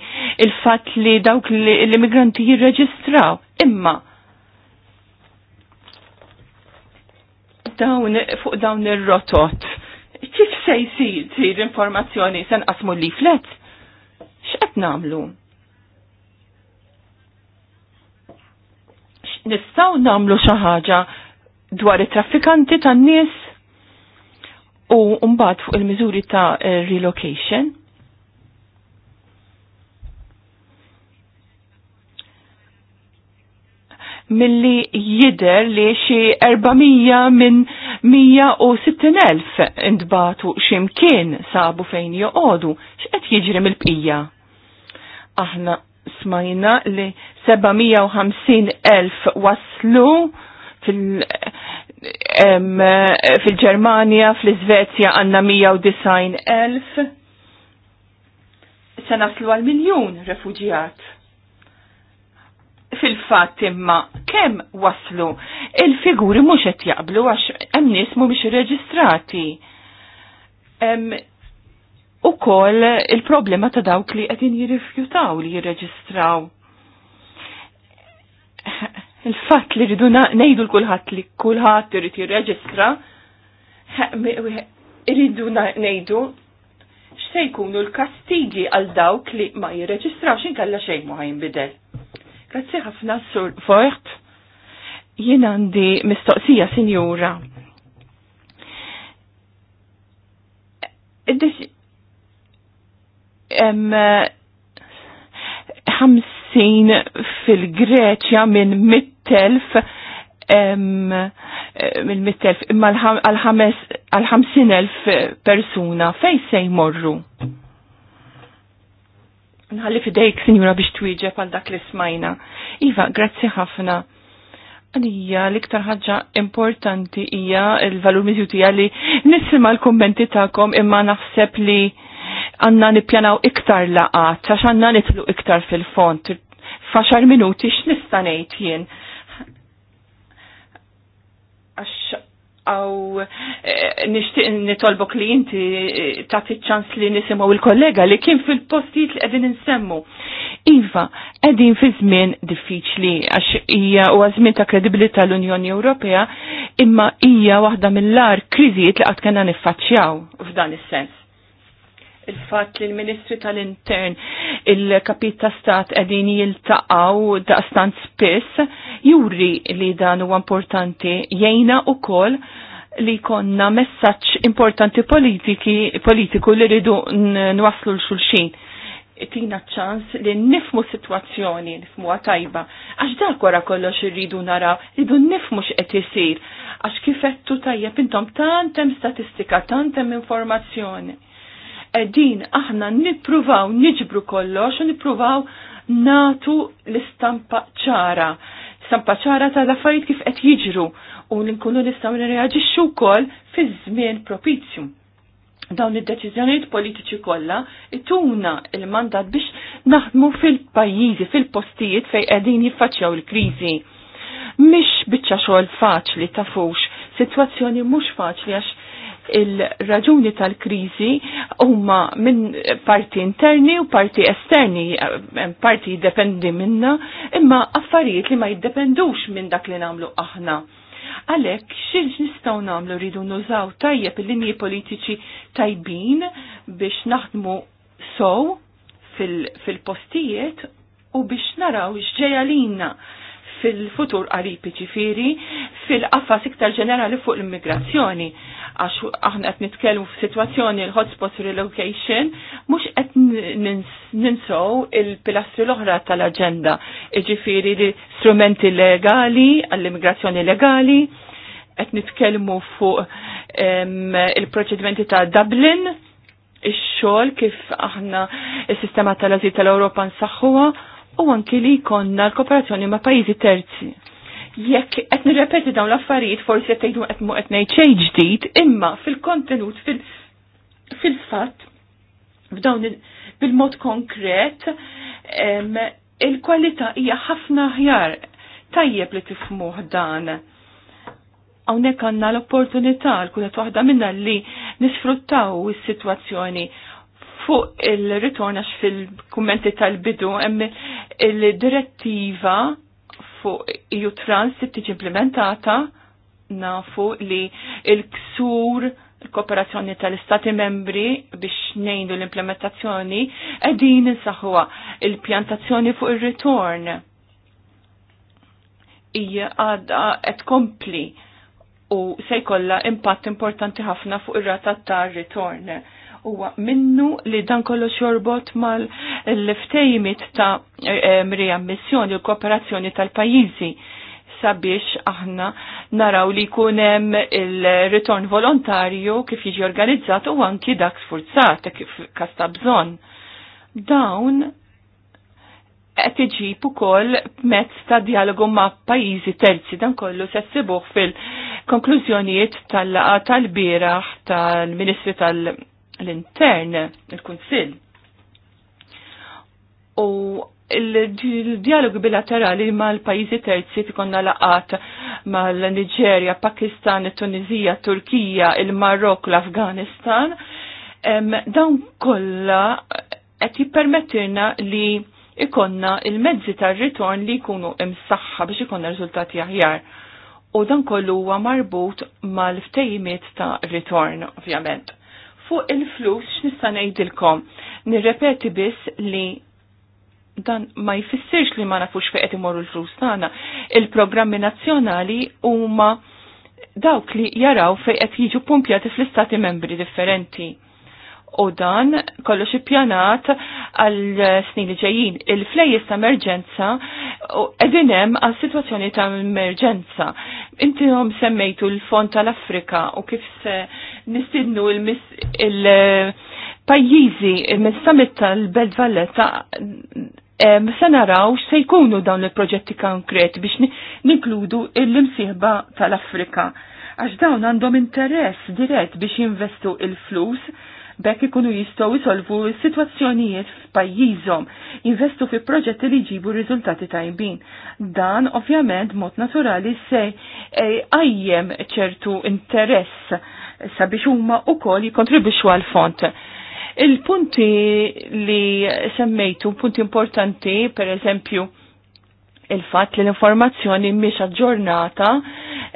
[SPEAKER 2] il-fat li dawk l-immigranti jirreġistraw. Imma dawn fuq dawn ir-rotot. Kif se jsir sir informazzjoni se nqasmu l-leaflet? X'qed nagħmlu? Nistgħu nagħmlu xi ħaġa dwar it-traffikanti tan-nies u mbagħad fuq il-miżuri ta' relocation milli jider li xi 400 minn 160.000 intbatu ximkien sabu fejn joqodu. X'qed jiġri mill-bqija? Aħna smajna li 750.000 waslu fil- fil-Germania, fil-Svezja għanna 190.000. Se naslu għal miljon refugijat fil-fatt imma kemm waslu il-figuri mhux qed jaqblu għax hemm nies mhumiex irreġistrati. kol il-problema ta' dawk li qegħdin jirrifjutaw li jirreġistraw. Il-fatt li rridu ngħidu l-kulħadd li kulħat irid jirreġistra, irridu ngħidu x'se jkunu l-kastigi għal dawk li ma jirreġistrawx inkella xejn ma bidel. Grazzi ħafna sur Fort. Jien għandi mistoqsija, sinjura. ħamsin fil-Greċja minn mittelf minn mittelf imma għal-ħamsin elf persuna fej se jmorru? Nħalli fidejk, sinjura, biex twieġeb għal dak li smajna. Iva, grazzi ħafna. Għalija, l-iktar ħagġa importanti hija il-valur mizjutija li nisima l-kommenti ta'kom imma naħseb li għanna nipjanaw iktar laqat, għax għanna nitlu iktar fil-font. Faxar minuti ngħid jien. Għax għaw eh, nishtiq nitolbok li inti eh, tagħti ċans li nisimgħu il-kollega li kien fil-postijiet li qegħdin insemmu. Iva, qegħdin fi żmien diffiċli għax hija u għazmin ta' kredibilità l-Unjoni Ewropea imma hija waħda mill-ar kriżijiet li qatt kena niffaċċjaw f'dan is-sens il-fat li l-Ministri tal-Intern il-Kapit ta' Stat edin jiltaqaw stant spiss juri li dan huwa importanti jgħina u kol li konna messaċ importanti politiki, politiku li ridu nwaslu l-xulxin. Tina ċans li nifmu situazzjoni, nifmu għatajba. Għax dak wara kollox irridu naraw, rridu nifmu x'qed isir. Għax kifettu tajjeb intom tantem statistika, tantem informazzjoni qegħdin aħna nippruvaw niġbru kollox u nippruvaw natu l-istampa ċara. Stampa ċara tal-affarijiet kif qed jiġru u li nkunu nistgħu nirreaġixxu wkoll fi żmien propizju dawn id-deċiżjonijiet politiċi kollha ituna il-mandat biex naħdmu fil-pajjiżi, fil-postijiet fejn qegħdin jiffaċċjaw il-kriżi. Mhix biċċa xogħol faċli tafux, sitwazzjoni mhux faċli għax il-raġuni tal-krizi huma minn parti interni u parti esterni, parti jiddependi minna, imma affarijiet li ma jiddependux minn dak li namlu aħna. Għalek, xilġ nistaw namlu rridu nużaw tajjeb il-linji politiċi tajbin biex naħdmu sow fil-postijiet fil u biex naraw xġeja lina fil-futur qarib ġifiri fil-qaffas iktar ġenerali fuq l-immigrazzjoni. Għax aħna qed nitkellmu f'sitwazzjoni l-hotspots relocation mhux qed ninsow il-pilastri l-oħra tal-aġenda, ġifiri li strumenti legali għall-immigrazzjoni legali, qed nitkellmu fuq il-proċedimenti ta' Dublin, ix-xogħol kif aħna is-sistema tal-azil tal-Ewropa nsaħħuha u anki li jkonna l-kooperazzjoni ma' pajjiżi terzi. Jekk qed nirrepeti dawn l-affarijiet forsi qed tgħidu qed qed ngħid xejn ġdid, imma fil-kontenut fil-fatt f'dawn bil-mod konkret il-kwalità hija ħafna ħjar tajjeb li tifmuh dan. Hawnhekk għandna l-opportunità l kulet waħda minna li nisfruttaw is-sitwazzjoni fuq il ritornax fil-kummenti tal-bidu emmi il-direttiva fuq EU Trans tiġi implementata nafu li il-ksur il-kooperazzjoni tal-istati membri biex nejnu l-implementazzjoni edin saħwa il-pjantazzjoni fuq il ritorn Ija għadha qed kompli u se jkollha impatt importanti ħafna fuq ir-rata tar Ritorn huwa minnu li dan kollox jorbot mal-ftejmit ta' eh, riammissjoni u kooperazzjoni tal-pajjiżi sabiex aħna naraw li jkun hemm il-ritorn volontarju kif jiġi organizzat u anki dak sfurzat kif kas ta' bżonn. Dawn qed iġib ukoll mezz ta' dialogu ma' pajjiżi terzi dan kollu se ssibuh fil-konklużjonijiet tal-laqgħa tal-bieraħ tal-Ministri tal-Affarijiet l-intern, il-Kunsill. U il dialog bilaterali mal-pajizi terzi tikonna laqat mal-Nigeria, Pakistan, Tunizija, Turkija, il-Marok, l-Afganistan, dawn kolla qed jippermettilna li ikonna il-mezzi tar-ritorn li jkunu imsaħħa biex ikonna riżultati aħjar. U dan kollu huwa marbut mal-ftejimiet ta' ritorn, ovvjament. Fuq il-flus x'nista' ngħidilkom. Nirrepeti biss li dan ma jfissirx li ma nafux fejn qed imorru l-flus tagħna. Il-programmi nazzjonali huma dawk li jaraw fejn qed jiġu pumpjati fl-istati membri differenti u dan kollox ippjanat għal snin li ġejjin. Il-flejjes ta' emerġenza qegħdin hemm għal sitwazzjoni ta' emerġenza. Inti semmejtu l-fond tal-Afrika u kif se nistidnu il-pajjiżi mis-summit tal-Belt Valletta se naraw se jkunu dawn il-proġetti konkret biex ninkludu l-imsieħba tal-Afrika. Għax dawn għandhom interess dirett biex jinvestu il-flus bekk ikunu jistgħu jisolvu s-sitwazzjonijiet f'pajjiżhom, jinvestu fi proġetti li jġibu riżultati tajbin. Dan ovvjament mod naturali se eh, għajjem ċertu interess sabiex huma wkoll jikontribwixxu għal fond. Il-punti li semmejtu, punti importanti, per eżempju, il-fat li l-informazzjoni mhix aġġornata,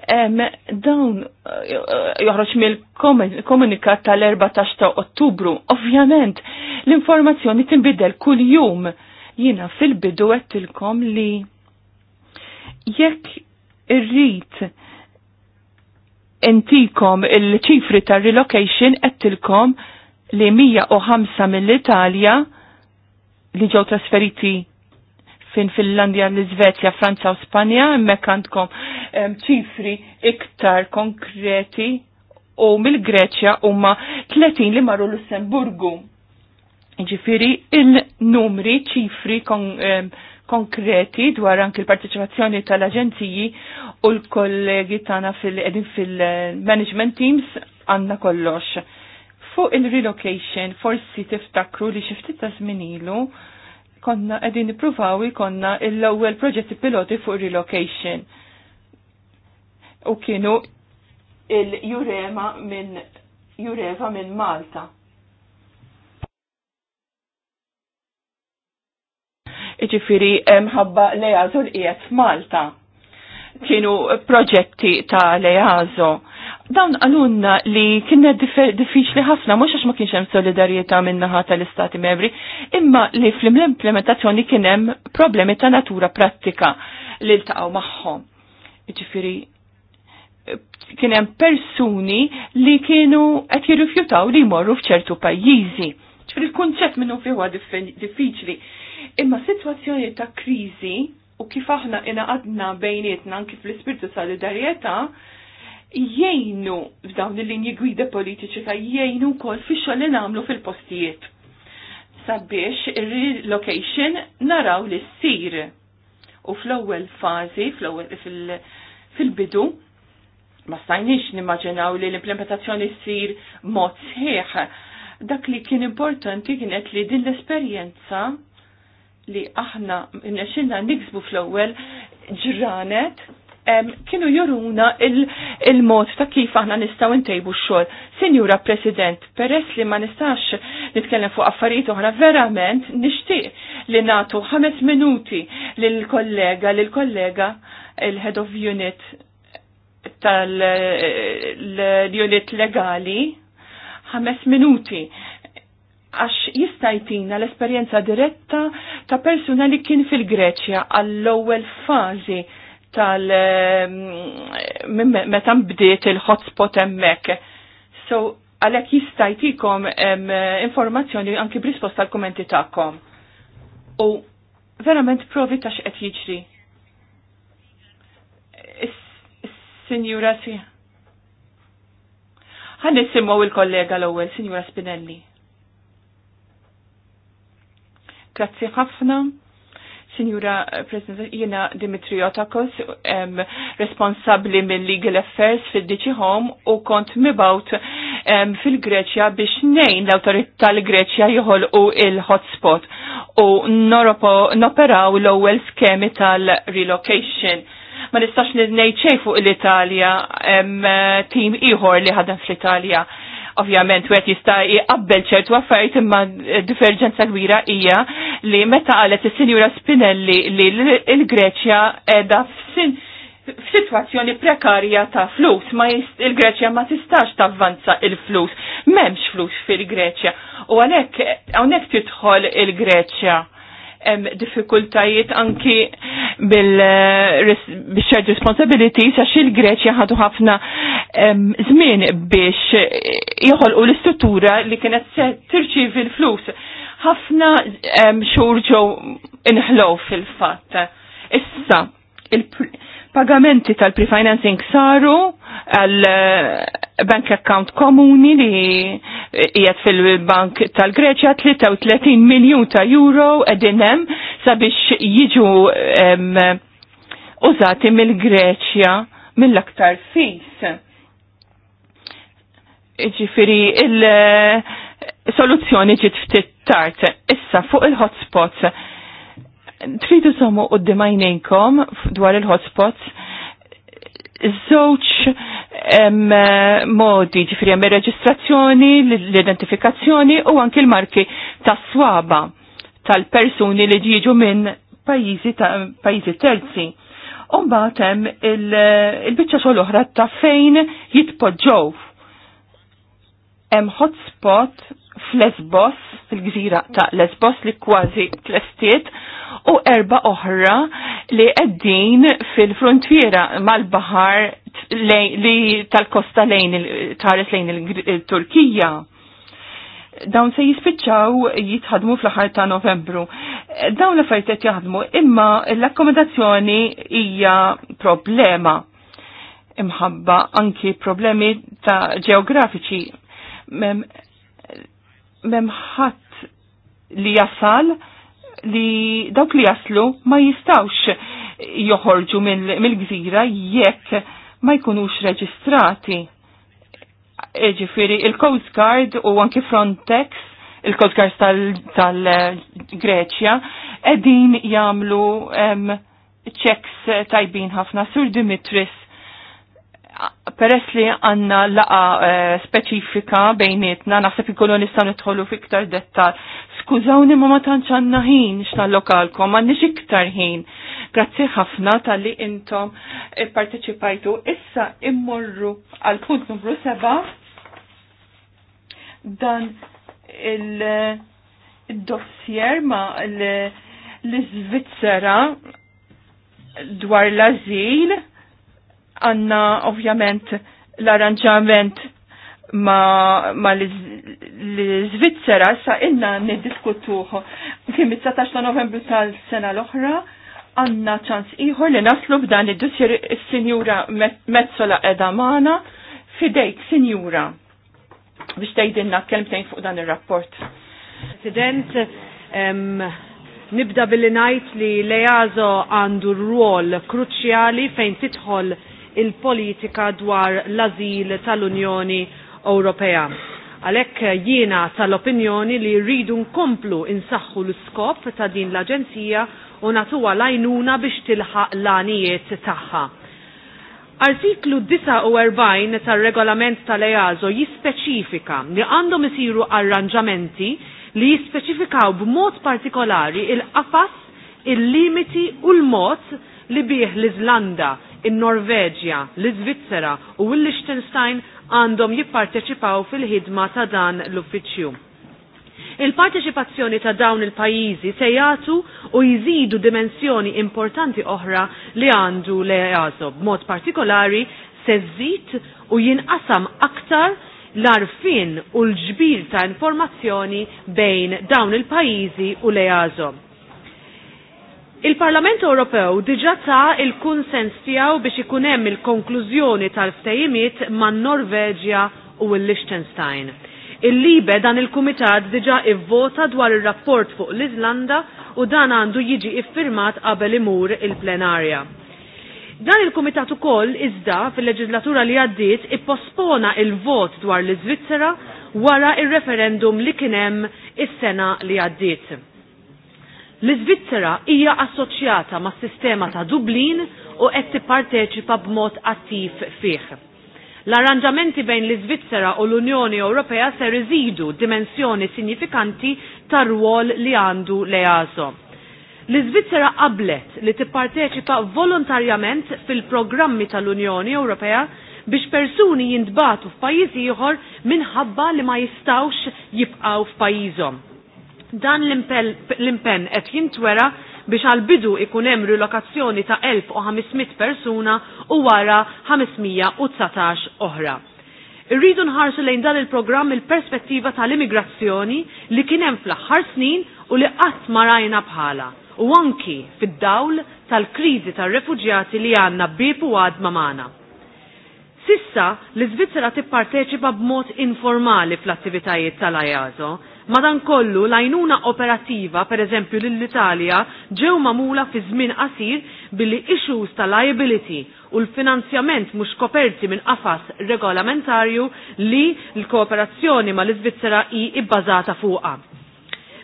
[SPEAKER 2] dawn eh, joħroġ mill-komunikat tal-14 ta' Ottubru. Ovvjament, l-informazzjoni tinbidel kull jum. Jiena fil-bidu għettilkom li jekk irrit intikom il-ċifri ta' relocation għettilkom li 105 mill-Italja li ġew trasferiti fin Finlandja, l-Izvezja, Franza u Spanja, hemmhekk għandkom ehm, ċifri iktar konkreti u mill-Greċja huma 30 li marru Lussemburgu. Ġifiri il-numri ċifri kon, um, konkreti dwar anki l-partiċipazzjoni tal-aġenziji u l-kollegi tagħna fil edin fil-management teams għandna kollox. Fuq il-relocation forsi tiftakru li xi ftit ta' żmien ilu konna qegħdin nippruvaw ikonna l-ewwel proġetti piloti fuq relocation. U kienu il-jurema minn jureva minn Malta Iġifiri eh, mħabba lejazo l-qiet f'Malta. Kienu proġetti ta' lejazo. Dawn għalunna li kienna diffiċli ħafna, mux għax ma kienx hemm solidarieta minnaħa tal-Istati membri, imma li fl-implementazzjoni kien hemm problemi ta' natura prattika li ltaqgħu magħhom. Ġifiri, eh, kien hemm persuni li kienu qed jirrifjutaw li jmorru f'ċertu pajjiżi ċfir il konċet minnu fiħwa diffiċli. Imma situazzjoni ta' krizi u kif aħna inaqadna bejnietna kif l-ispirtu solidarieta jgħinu f'dawn il-linji gwida politiċi ta' jgħinu kol fiċo li namlu fil-postijiet. Sabiex il-relocation naraw li s-sir u fl-ewwel fazi, fil-bidu, ma stajniex nimmaġinaw li l-implementazzjoni s-sir mod sħiħ dak li kien importanti kienet li din l-esperjenza li aħna nexilna niksbu fl-ewwel ġranet kienu joruna il-mod ta' kif aħna nistaw intejbu xol. Sinjura President, peress li ma nistax nitkellem fuq affarijiet oħra verament nixtieq li natu ħames minuti lil kollega lil kollega il-head of unit tal-unit legali ħames minuti għax jistajtina l-esperienza diretta ta' persuna li kien fil-Greċja għall-ewwel fażi tal ehm, meta bdiet il-hotspot hemmhekk. So għalhekk jistajtikom ehm, informazzjoni anki b'risposta tal kumenti tagħkom. U verament provi ta' x'qed jiġri. Is-sinjura sieħ Għan nissimmu il-kollega l-ewel, Signora Spinelli. Grazzi ħafna. Signora President, jena Dimitriotakos, um, responsabli mill legal affairs fil-Dici Home u kont mibawt um, fil-Greċja biex nejn l-autorità l-Greċja jħol u il-hotspot u noperaw l-ewel skemi tal-relocation ma nistax nidnejċej fuq l-Italja eh, tim ieħor li ħadem fl-Italja. Ovvjament wieħed jista' jqabbel ċertu affarijiet imma differenza kbira hija li meta qalet is-Sinjura Spinelli li l-Greċja f f'sitwazzjoni prekarja ta' flus, ma il-Greċja ma tistax tavvanza il-flus, m'hemmx flus fil-Greċja. U għalhekk hawnhekk tidħol il-Greċja hemm diffikultajiet anki bil-shared responsibilities għax il-Greċja ħadu ħafna żmien biex joħolqu l-istruttura li kienet se tirċivi l-flus. Ħafna xhur ġew inħlow fil-fatt. Issa, il-pagamenti tal-prefinancing saru għal eh, bank account komuni li qiegħed fil-Bank tal-Greċja 33 miljon ta' euro qegħdin hemm sabiex jiġu użati mill-Greċja mill-aktar fis. Ġifiri, il-soluzzjoni eh, ġiet ftit tard. Issa fuq il-hotspots, tridu somu u d dwar il-hotspots, żewġ modi ġifri hemm reġistrazzjoni l-identifikazzjoni u anki l-marki ta' swaba tal-persuni li ġiġu minn pajjiżi pajjiżi terzi. Umbagħad hemm il-biċċa il xogħol oħra ta' fejn jitpoġġow. Hemm hotspot f'Lesbos, fil-gżira ta' Lesbos li kważi tlestiet u erba oħra li għeddin fil-frontiera mal-bahar li tal-kosta lejn tħares lejn il-Turkija. Dawn se jispiċċaw jitħadmu fl-aħħar ta' Novembru. Dawn l fajtet qed jaħdmu, imma l-akkomodazzjoni hija problema imħabba anki problemi ta' ġeografiċi. Mem, memħat li jasal li dawk li jaslu ma jistawx joħorġu mill-gżira jekk ma jkunux reġistrati. Ġifiri, il-Coast Guard u anki Frontex, il-Coast Guard tal-Greċja, edin jamlu checks tajbin ħafna. Sur Dimitris, peress li għanna laqa eh, speċifika bejnietna, naħseb ikunu nistaw nidħolu fiktar dettal Skużawni ma ma tantx għandna ħin ma m'għandniex iktar ħin. Grazzi ħafna tal-li intom eh, parteċipajtu. Issa immorru għal punt numru 7 dan il-dossier ma l-Svizzera dwar l-azil għanna ovvjament l-arranġament ma, ma l-Svizzera sa inna niddiskutuħu. Kim 19 ta' novembru tal-sena l-oħra għanna ċans iħor li naslu b'dan id-dossier il-Sinjura Mezzola Edamana fidejk,
[SPEAKER 4] Sinjura, biex tajdinna kelmtejn fuq dan il-rapport. President, um, nibda billi najt li Lejazo għandu rwol kruċjali fejn titħol il-politika dwar l-azil tal-Unjoni Ewropea. Għalhekk eh, jiena tal-opinjoni li rridu nkomplu insaħħu l-iskop ta' din l-Aġenzija u natuwa lajnuna biex tilħaq l-għanijiet tagħha. Artiklu 49 tal-regolament tal-EASO jispeċifika li għandhom isiru arranġamenti li jispeċifikaw b'mod partikolari il-qafas, il-limiti u l-mod li bih l-Izlanda, il-Norveġja, l izvizzera u l-Liechtenstein għandhom jipparteċipaw fil-ħidma ta' dan l-uffiċċju. Il-parteċipazzjoni ta' dawn il-pajjiżi se jagħtu u jżidu dimensjoni importanti oħra li għandu le jażob. Mod partikolari se żid u jinqasam aktar l-arfin u l-ġbir ta' informazzjoni bejn dawn il-pajjiżi u le jazo. Il-Parlament Ewropew diġa ta' il-kunsens tiegħu biex ikun hemm il-konklużjoni tal-ftejimiet man Norveġja u l-Liechtenstein. Il-libe dan il-kumitat diġa ivvota dwar ir-rapport fuq l-Iżlanda u dan għandu jiġi iffirmat qabel imur il-plenarja. Dan il-Kumitat ukoll iżda fil-leġislatura li għaddiet ippospona il-vot dwar l-Iżvizzera wara il-referendum li kien hemm is-sena li għaddiet. L-Iżvizzera hija assoċjata mas sistema ta' Dublin u qed tipparteċipa b'mod attiv fih. L-arranġamenti bejn l-Iżvizzera u l-Unjoni Ewropea ser iżidu dimensjoni sinifikanti tar rwol li għandu l-EASO. L-Iżvizzera qablet li tipparteċipa volontarjament fil-programmi tal-Unjoni Ewropea biex persuni jindbatu f'pajjiż ieħor minħabba li ma jistawx jibqgħu f'pajjiżhom Dan l-impenn qed jintwera biex għal-bidu ikun hemm rilokazzjoni ta' 1500 persuna u wara 519 oħra. Irridu nħarsu lejn dan il-programm il-perspettiva tal-immigrazzjoni li kien hemm fl-aħħar snin u li qatt ma rajna bħala u anki fid-dawl tal-kriżi tar-refuġjati li għandna bib u għadma magħna. Sissa l-Iżvizzera tipparteċipa b'mod informali fl-attivitajiet tal-Ajazo, Madankollu lajnuna operativa, per eżempju l-Italja, ġew mamula fi żmien qasir billi issues ta' liability u l-finanzjament mhux koperti minn qafas regolamentarju li l-kooperazzjoni ma l-Iżvizzera i ibbażata fuqha.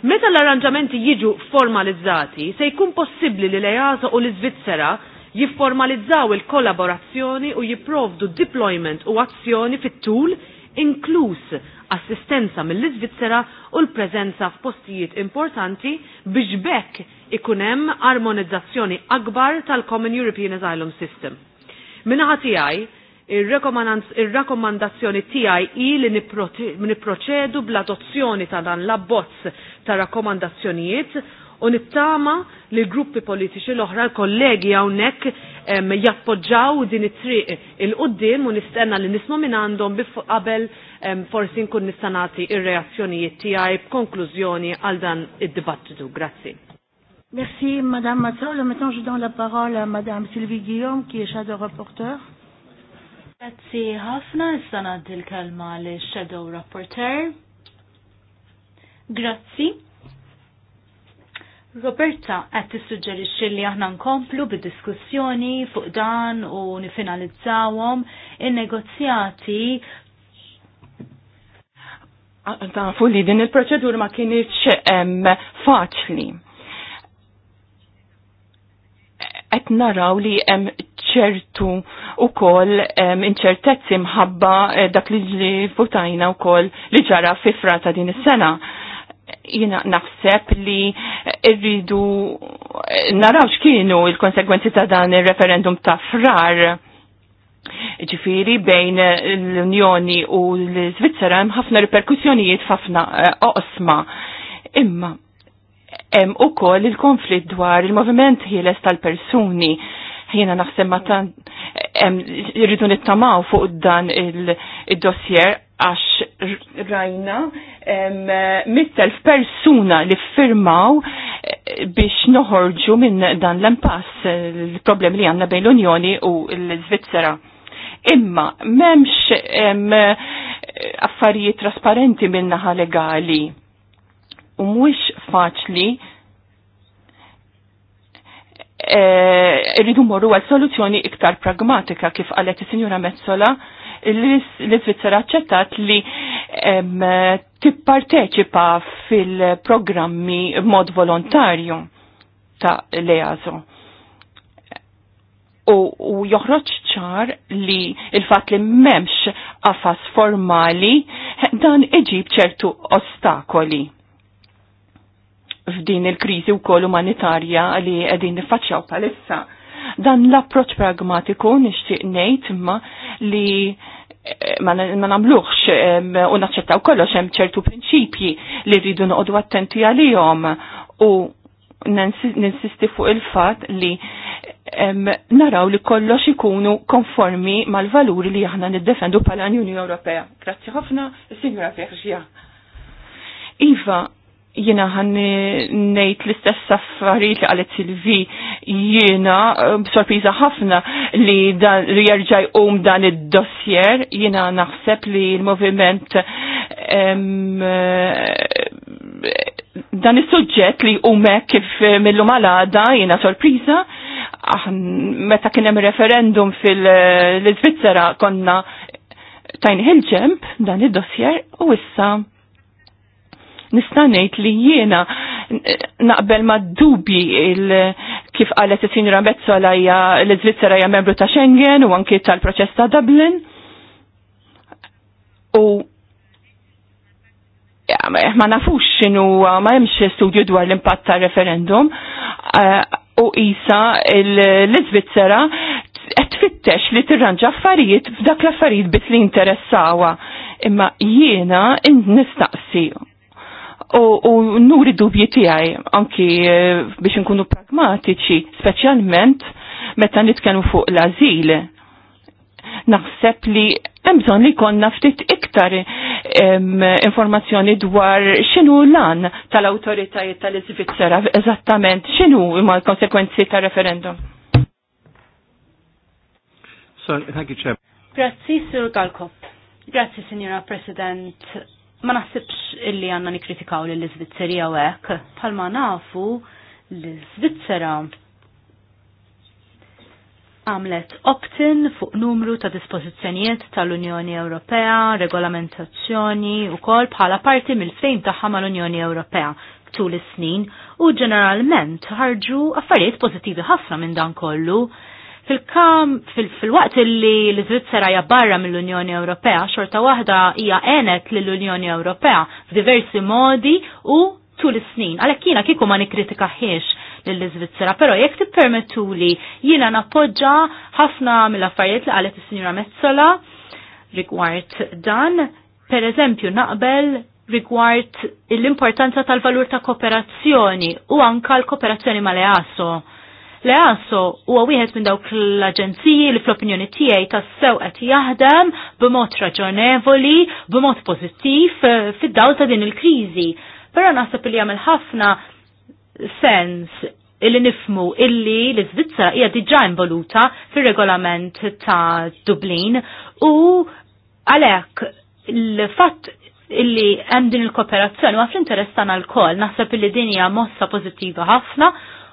[SPEAKER 4] Meta l-arranġamenti jiġu formalizzati, se jkun possibbli li l-EASA u l-Iżvizzera jifformalizzaw il-kollaborazzjoni u jipprovdu deployment u azzjoni fit-tul inkluż assistenza mill-Iżvizzera u l-preżenza f'postijiet importanti biex bekk ikun hemm armonizzazzjoni akbar tal-Common European Asylum System. Minaħa tiegħi, il-rakkomandazzjoni tiegħi i li nipproċedu bl-adozzjoni ta' dan l-abbozz ta' rakkomandazzjonijiet u nittama li gruppi politiċi l-oħra kollegi hawnhekk jappoġġaw din it-triq il-qoddim u nistenna li nismu minn għandhom qabel forsi nkun nista' nagħti ir-reazzjonijiet tiegħi b'konklużjoni għal dan id-dibattitu. Grazzi.
[SPEAKER 1] Merci Madame Mazzolo. Maintenant je donne la parole à Madame Sylvie
[SPEAKER 3] Guillaume qui est shadow rapporteur. Grazzi ħafna issa ngħaddi l-kelma li shadow rapporteur. Grazzi. Roberta qed tissuġġerixxi li aħna nkomplu bid-diskussjoni fuq dan u nifinalizzawhom in-negozjati Tafu
[SPEAKER 2] li din il-proċedura ma kienieċ faċli. Qed naraw li hemm ċertu u kol inċertezzi mħabba eh, dak li futajna u kol li ġara fifra ta' din is-sena jina naħseb li rridu naraw kienu il-konsegwenzi ta' dan il-referendum ta' frar ġifiri bejn l-Unjoni u l-Svizzera hemm ħafna riperkussjonijiet ħafna eh, oqsma. Imma hemm ukoll il-konflitt dwar il-moviment ħieles tal-persuni jiena naħseb ma tant irridu nittamaw fuq dan il-dossier għax rajna mittelf persuna li firmaw eh, biex noħorġu minn dan l-impass il-problem li għanna bejn l-Unjoni u l-Svizzera. Imma memx affarijiet trasparenti minnaħa legali u mux faċli eh, Rridu morru għal soluzzjoni iktar pragmatika kif għalet il-Sinjura Mezzola l-Svizzera ċettat li tipparteċipa fil-programmi mod volontarju ta' l u, u joħroġ ċar li il-fat li memx għafas formali dan iġib ċertu ostakoli f'din il-krizi u kol umanitarja li għedin nifacċaw palissa. Dan l-approċ pragmatiku nishtiq nejt ma li ma namluħx u naċċettaw kollox hemm ċertu prinċipji li rridu noqogħdu attenti għalihom u ninsisti fuq il-fatt li naraw li kollox ikunu konformi mal-valuri li aħna niddefendu pala unjoni Ewropea. Grazzi ħafna, Signora Verġja. Iva, jina ħan nejt l-istess affarijiet li għalet Silvi jina eh, sorpiza ħafna li dan li jerġaj um dan id-dossier jina naħseb li l-moviment eh, dan is-suġġett li umek kif millu malada jina sorpriża meta kien hemm referendum fil-Iżvizzera konna tajn ħilġemp dan id-dossier u issa Nista' ngħid li jiena naqbel ma' dubji kif qalet il sinjura Mezzola hija l zvizzera hija membru ta' Schengen u anki tal-proċess ta' Dublin. U ma nafux xinu ma jemx studju dwar l-impatt ta' referendum eh, u isa l zvizzera qed tfittex li tirranġa affarijiet f'dak l-affarijiet bit li interessawa. Imma jiena nistaqsi u nuri dubji tiegħi anki e, biex nkunu pragmatiċi, speċjalment meta nitkenu fuq l-azil. Naħseb li hemm bżonn li jkollna ftit iktar informazzjoni dwar x'inhu lan tal-awtoritajiet tal-Iżvizzera eżattament x'inhu ma l-konsekwenzi tar-referendum.
[SPEAKER 3] Grazzi, Sur Galkop. Grazzi, Signora President ma naħsibx illi għanna nikritikaw li l-Svizzerija għawek, palma nafu l-Svizzera għamlet opt-in fuq numru ta' dispożizzjonijiet tal-Unjoni Ewropea, regolamentazzjoni u kol bħala parti mill-fejn tagħha mal-Unjoni Ewropea tul is-snin u ġeneralment ħarġu affarijiet pożittivi ħafna minn dan kollu Fil-kam, fil-waqt li l zvizzera hija barra mill-Unjoni Ewropea, xorta waħda hija għenet lill-Unjoni Ewropea f'diversi modi u tul is-snin. Għalhekk jiena kieku ma nikkritikaħiex lill-Iżvizzera, però jekk tippermettuli jiena nappoġġa ħafna mill-affarijiet li qalet is-Sinjura Mezzola rigward dan, per eżempju naqbel rigward l-importanza tal-valur ta' kooperazzjoni u anka l-kooperazzjoni mal-EASO Le għasso huwa wieħed minn dawk l-aġenziji li fl-opinjoni tiegħi tassew qed jaħdem b'mod raġonevoli, b'mod pożittiv eh, fid-dawl ta' din il-kriżi. Però naħseb li jagħmel ħafna sens illi nifmu illi l-Iżvizzera hija diġà involuta fir-regolament ta' Dublin u għalhekk l-fatt illi hemm din il-kooperazzjoni u għaf l-interess tagħna l-kol, naħseb illi din hija mossa pożittiva ħafna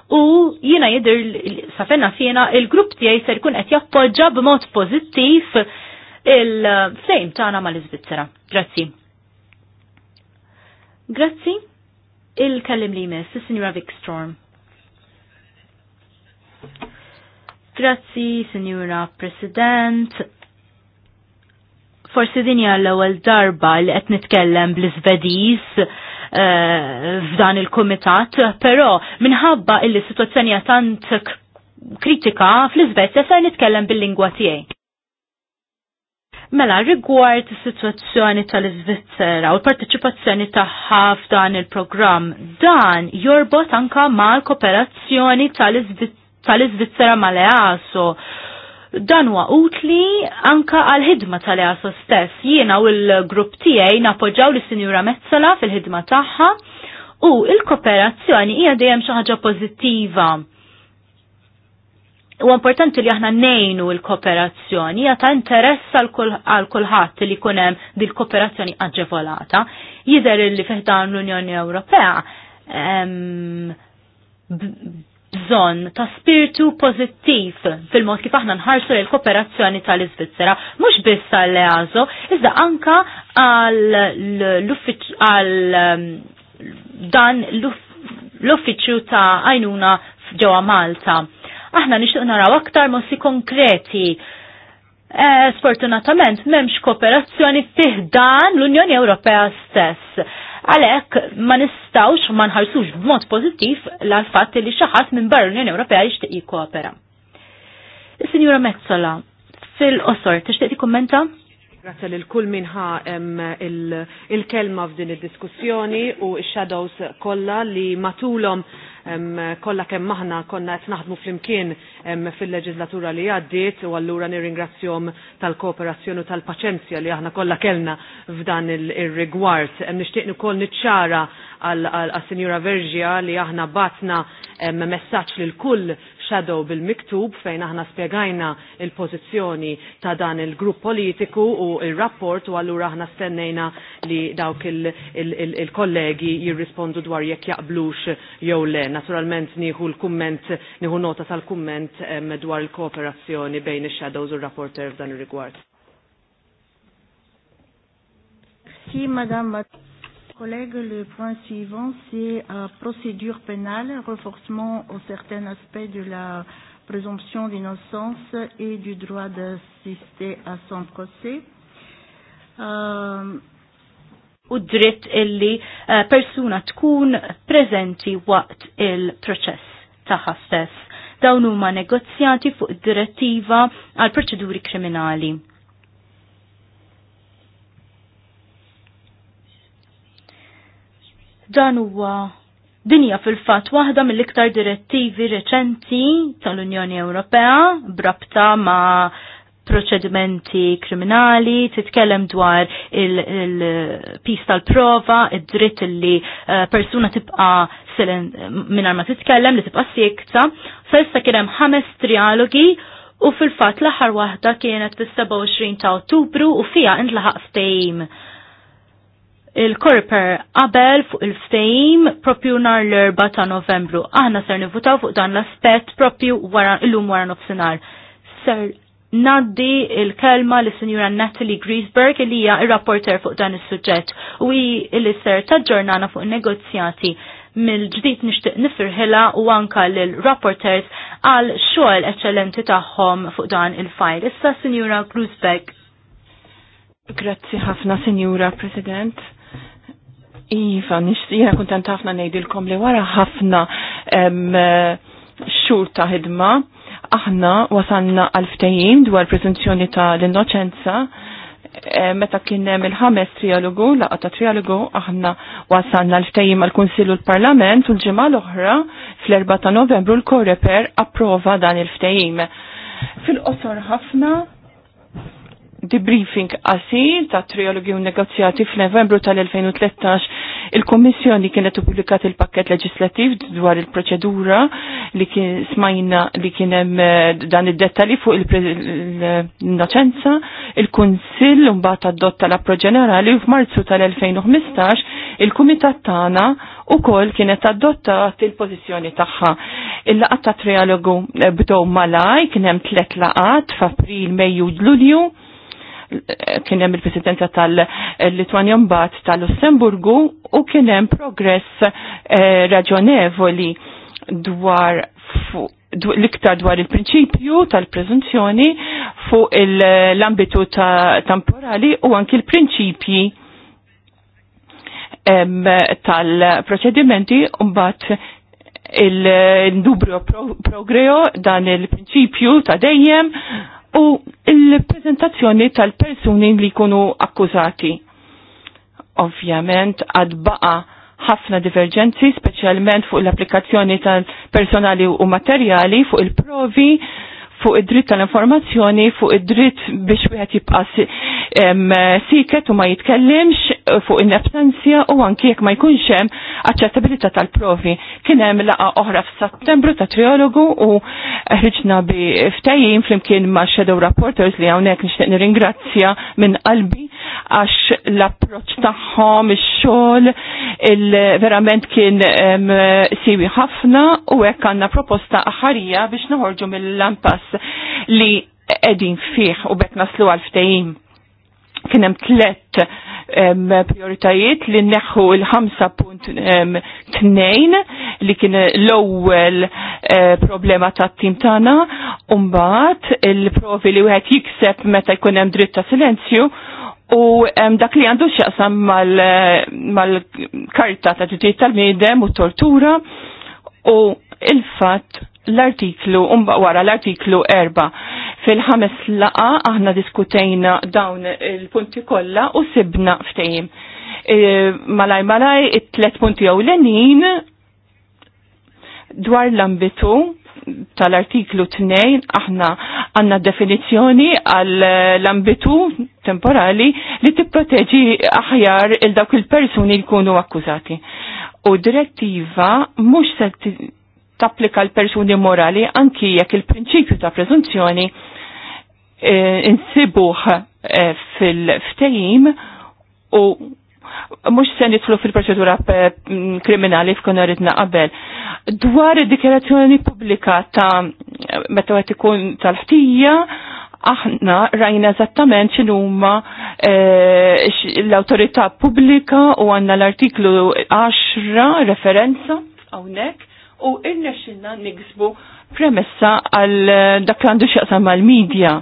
[SPEAKER 3] u jina jidr, safenna fjena il-grupp tijaj ser kun qed jappoġġa b'mod pozittif il taħna tagħna mal-Iżvizzera. Grazzi. Grazzi. Il-kellim li jmiss, il-Sinjura Vickstorm. Grazzi, Sinjura President. Forsi dinja l-ewwel darba li qed nitkellem bl-Iżvediż Eh, f'dan il-komitat, però minħabba illi situazzjoni tant kritika fl-Iżvezja ser nitkellem bil-lingwa tiegħi. Mela, rigward is-sitwazzjoni tal-Iżvizzera u l parteċipazzjoni tagħha f'dan il-programm, dan jorbot anka mal-kooperazzjoni tal-Iżvizzera mal-EASO Dan huwa utli anka għal ħidma tal-EASO stess. Jiena u l-grupp tiegħi napoġġaw lis sinjura Mezzola fil-ħidma tagħha u l-kooperazzjoni hija dejjem xi ħaġa pożittiva. U importanti li aħna nejnu l-kooperazzjoni hija ta' interess għal kulħadd li jkun hemm dil-kooperazzjoni aġevolata. Jidher li fiħdan l-Unjoni Ewropea bżonn ta' spiritu pozittiv fil-mod kif aħna nħarsu l kooperazzjoni tal-Iżvizzera, mhux biss għall easo iżda anka għal um, dan l-uffiċċju ta' għajnuna ġewwa Malta. Aħna nixtieq naraw aktar mossi konkreti e, Sfortunatament memx kooperazzjoni fiħdan l-Unjoni Ewropea stess. Għalhekk ma nistawx ma nħarsux b'mod pozittiv l fat li xi ħadd minn barra l-Unjoni Ewropea jixtieq jikkoopera. Is-Sinjura Mezzola, fil-qosor tixtieq kommenta?
[SPEAKER 4] Grazie lil kull minħa il-kelma f'din id-diskussjoni u x-shadows kollha li matulhom Kolla kemm aħna konna qed naħdmu flimkien fil-leġislatura li għaddiet u allura ingrazzjom tal-kooperazzjoni u tal-paċenzja li aħna kollha kellna f'dan ir-rigward. Nixtieq kol niċċara għal signora Verġia li aħna batna messaġġ l kull shadow bil-miktub fejn aħna spiegajna il-pozizjoni ta' dan il-grupp politiku u il-rapport u allura aħna stennejna li dawk il-kollegi jirrispondu dwar jekk jaqblux jew le. Naturalment nieħu l-kumment, nieħu nota tal-kumment dwar il-kooperazzjoni bejn ix shadows u il-rapporter f'dan ir rigward
[SPEAKER 1] Sì, Madame collègue, le point suivant, c'est la euh, procédure pénale, renforcement aux certains aspects de la présomption d'innocence et du droit d'assister à son procès. Um,
[SPEAKER 3] u dritt illi euh, persuna tkun prezenti waqt il-proċess taħħa stess. Dawn huma negozjati fuq direttiva għal proċeduri kriminali. Dan huwa dinja fil-fatt waħda mill-iktar direttivi reċenti tal-Unjoni Ewropea brabta ma' proċedimenti kriminali, titkellem dwar il-pis il tal-prova, id-dritt li eh, persuna tibqa minn ma titkellem li tibqa siekta. Sa issa kienem ħames trialogi u fil-fat l-aħħar waħda kienet fis-27 ta' Ottubru u fija intlaħaq Uh, il-korper qabel fuq il-fejm propju nar l-4 ta' novembru. Aħna ser nivutaw fuq dan l-aspet propju wara illum wara nofsinhar. Ser naddi il-kelma li sinjura Natalie Griesberg li hija il rapporter fuq dan is-suġġett u li ser taġġornana fuq negozjati mill-ġdid nixtieq nifirħila u anka l rapporters għal xogħol eċċellenti tagħhom fuq dan il-fajl. Issa Sinjura Griesberg. Grazzi ħafna,
[SPEAKER 2] Signora President Iva, jena kontent ħafna nejdilkom li wara ħafna xur ta' ħidma, aħna wasanna għal-ftejim dwar prezenzjoni ta' l-innoċenza, e, meta kien hemm il-ħames trialogu, laqgħa ta' trialogu, aħna wasanna l-ftejim għal kunsillu l-Parlament u l-ġimgħa l-oħra fl-4 ta' Novembru l-Koreper approva dan il ftajim Fil-qosor ħafna debriefing qasir ta' triologi u negozjati f'Novembru tal-2013 il-Kommissjoni kienet publikat il-pakket legislativ dwar il-proċedura li kien smajna li kien hemm eh, dan id-dettali fuq l-innoċenza, il-Kunsill mbagħad adotta l-approċ ġenerali u f'Marzu tal-2015 il-Kumitat tagħna ukoll kienet adottat il-pożizzjoni tagħha. Il-laqat ta' trialogu eh, bdew malaj kien hemm tliet laqat f'April, Mejju, Lulju kien hemm il-presidenza tal-Litwanja Bat tal-Lussemburgu u kien hemm progress eh, raġonevoli dwar l-iktar dwar il-prinċipju tal-prezunzjoni fuq l-ambitu ta temporali u anki l-prinċipji tal-proċedimenti mbagħad il-dubrio progreo dan il-prinċipju ta' dejjem u il-prezentazzjoni tal-persuni li kunu akkużati. Ovvjament, għad baqa ħafna divergenzi, specialment fuq l-applikazzjoni tal-personali u materjali, fuq il-provi, fuq id-dritt tal-informazzjoni, fuq id-dritt biex wieħed jibqa' siket u ma jitkellimx fuq in-absenzja u anki jekk ma jkunx hemm aċċettabilità tal-provi. Kien hemm laqgħa oħra f'Settembru ta' triologu u ħriġna bi ftejjin flimkien ma' Shadow Rapporters li hawnhekk nixtieq nirringrazzja minn qalbi għax l-approċ tagħhom ix-xogħol il-verament kien siwi ħafna u hekk għandna proposta aħarija biex nħorġu mill lampas li qegħdin fih u bekk naslu għal ftehim. Kien hemm tliet prioritajiet li neħu il-5.2 li kien l-ewwel eh, problema ta' tim tagħna u mbagħad il-provi li wieħed jikseb meta jkun hemm dritt ta' silenzju U dak li għandu xaqsam mal-karta ta' ġuġiet tal-medem u tortura u il-fat l-artiklu, umba wara l-artiklu erba' Fil-ħames laqa aħna diskutejna dawn il-punti kollha u sibna ftejim. E, malaj malaj it-tlet punti għaw l dwar l-ambitu tal-artiklu 2 aħna għanna definizjoni għall l-ambitu temporali li tipproteġi aħjar il-dawk il-persuni jkunu akkużati. U direttiva mux se tapplika l-persuni morali anki jekk il-prinċipju ta' prezunzjoni eh, insibuħ eh, fil-ftejim u mux se jitflu fil-proċedura kriminali f'kun rridna qabel. Dwar id-dikjerazzjoni pubblika ta' meta qed ikun tal-ħtija, aħna rajna eżattament x'inhuma e, l-awtorità pubblika u għandna l-artiklu 10 referenza hawnhekk u irnexxilna niksbu premessa għal dak għandu x'jaqsam mal-medja.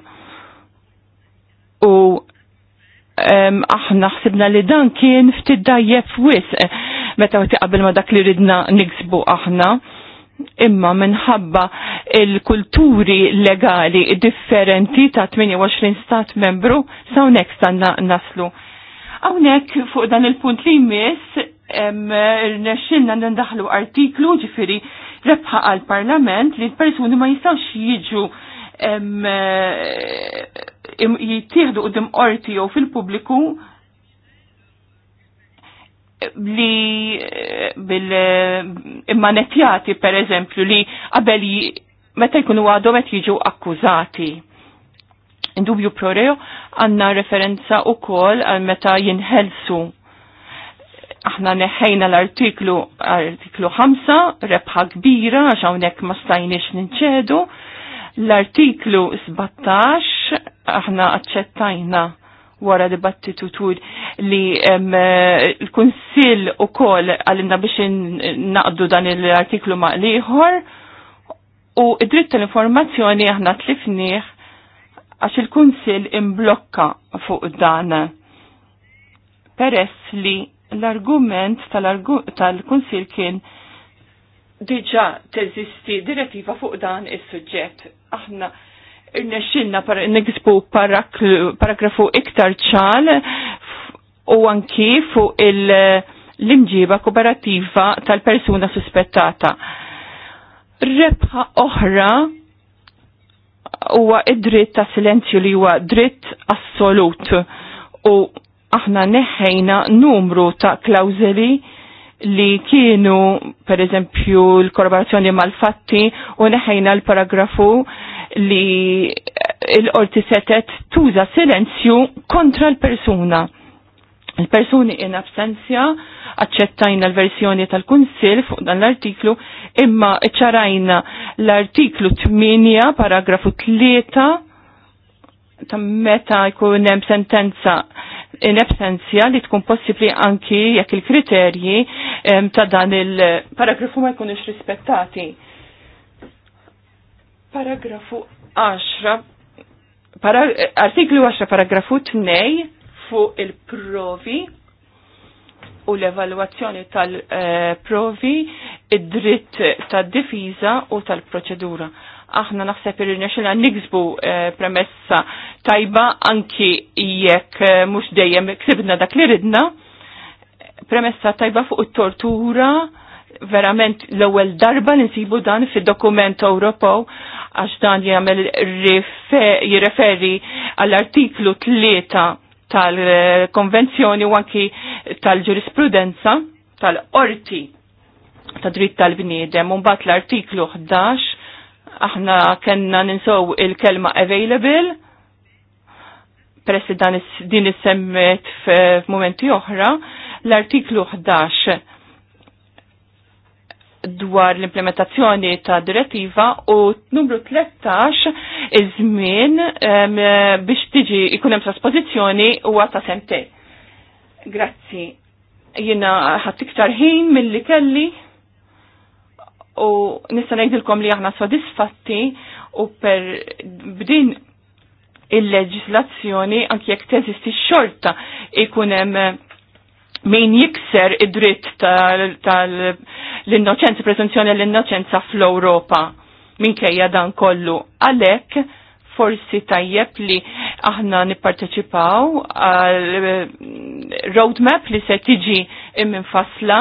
[SPEAKER 2] U aħna ħsibna li dan kien ftit dajjef wis eh, meta qabel ma dak li ridna niksbu aħna imma minħabba il-kulturi legali differenti ta' 28 stat membru sawnek stanna naslu. Hawnhekk fuq dan il-punt li jmiss nexxilna nindaħlu artiklu ġifiri rebħa għal-parlament li l-persuni ma jistawx jiġu jittieħdu qudiem qorti jew fil-pubbliku li bil-immanetjati per eżempju li qabel meta jkunu għadhom qed jiġu akkużati. Indubju proreo għanna referenza u kol għal meta jinħelsu. Aħna neħħejna l-artiklu artiklu 5, rebħa kbira, għax hawnhekk ma stajniex ninċedu. L-artiklu 17 aħna aċċettajna wara dibattitu tul li l-Kunsill u kol għalina biex naqdu dan l-artiklu ma' liħor u id-dritt tal-informazzjoni aħna tlifniħ għax il-Kunsill imblokka fuq dan. Peress li l-argument tal-Kunsill kien diġa teżisti direttiva fuq dan is-suġġett. Aħna irnexxinna nikdispu paragrafu iktar ċan u anki fuq l-imġiba kooperativa tal-persuna suspettata. Rebħa oħra huwa id-dritt ta' silenzju li huwa dritt assolut u aħna neħħejna numru ta' klawzeli li kienu per eżempju l-korporazzjoni mal-fatti u neħħejna l-paragrafu li l-qorti setet tuża silenzju kontra l-persuna. Il-persuni in absenzja aċċettajna l-versjoni tal-Kunsil fuq dan l-artiklu imma ċarajna l-artiklu 8 paragrafu 3 ta' meta jkun hemm sentenza in absenzja li tkun possibbli anki jekk il-kriterji ta' dan il-paragrafu ma jkunux rispettati Paragrafu 10, para, artiklu 10, paragrafu 2 fuq il-provi u l-evaluazzjoni tal-provi, id-dritt tad-difiża u tal-proċedura. Aħna naħseb ir nixbu niksbu eh, premessa tajba anki jekk eh, mhux dejjem ksibna dak li ridna, premessa tajba fuq it-tortura, verament l-ewwel darba li nsibu dan fid-dokument Ewropew għax dan jagħmel jirreferi għall-artiklu 3 tal-konvenzjoni u anki tal-ġurisprudenza tal-orti ta' dritt tal-bniedem. Mbagħad l-artiklu 11 aħna kena ninsow il-kelma available dan din is-semmet f'mumenti oħra. L-artiklu 11 dwar l-implementazzjoni ta' direttiva u numru 13 iż-żmien biex tiġi ikun hemm trasposizzjoni huwa ta' sentej. Grazzi. Jiena ħadd iktar ħin milli kelli u nista' ngħidilkom li aħna sodisfatti u per b'din il-leġislazzjoni anke jekk teżisti xorta ikun hemm min jikser id-dritt tal-, tal l-innoċenza, prezenzjoni l-innoċenza fl-Europa minkejja dan kollu. Għalek, forsi tajjeb li aħna nipparteċipaw għal eh, roadmap li se tiġi imminfasla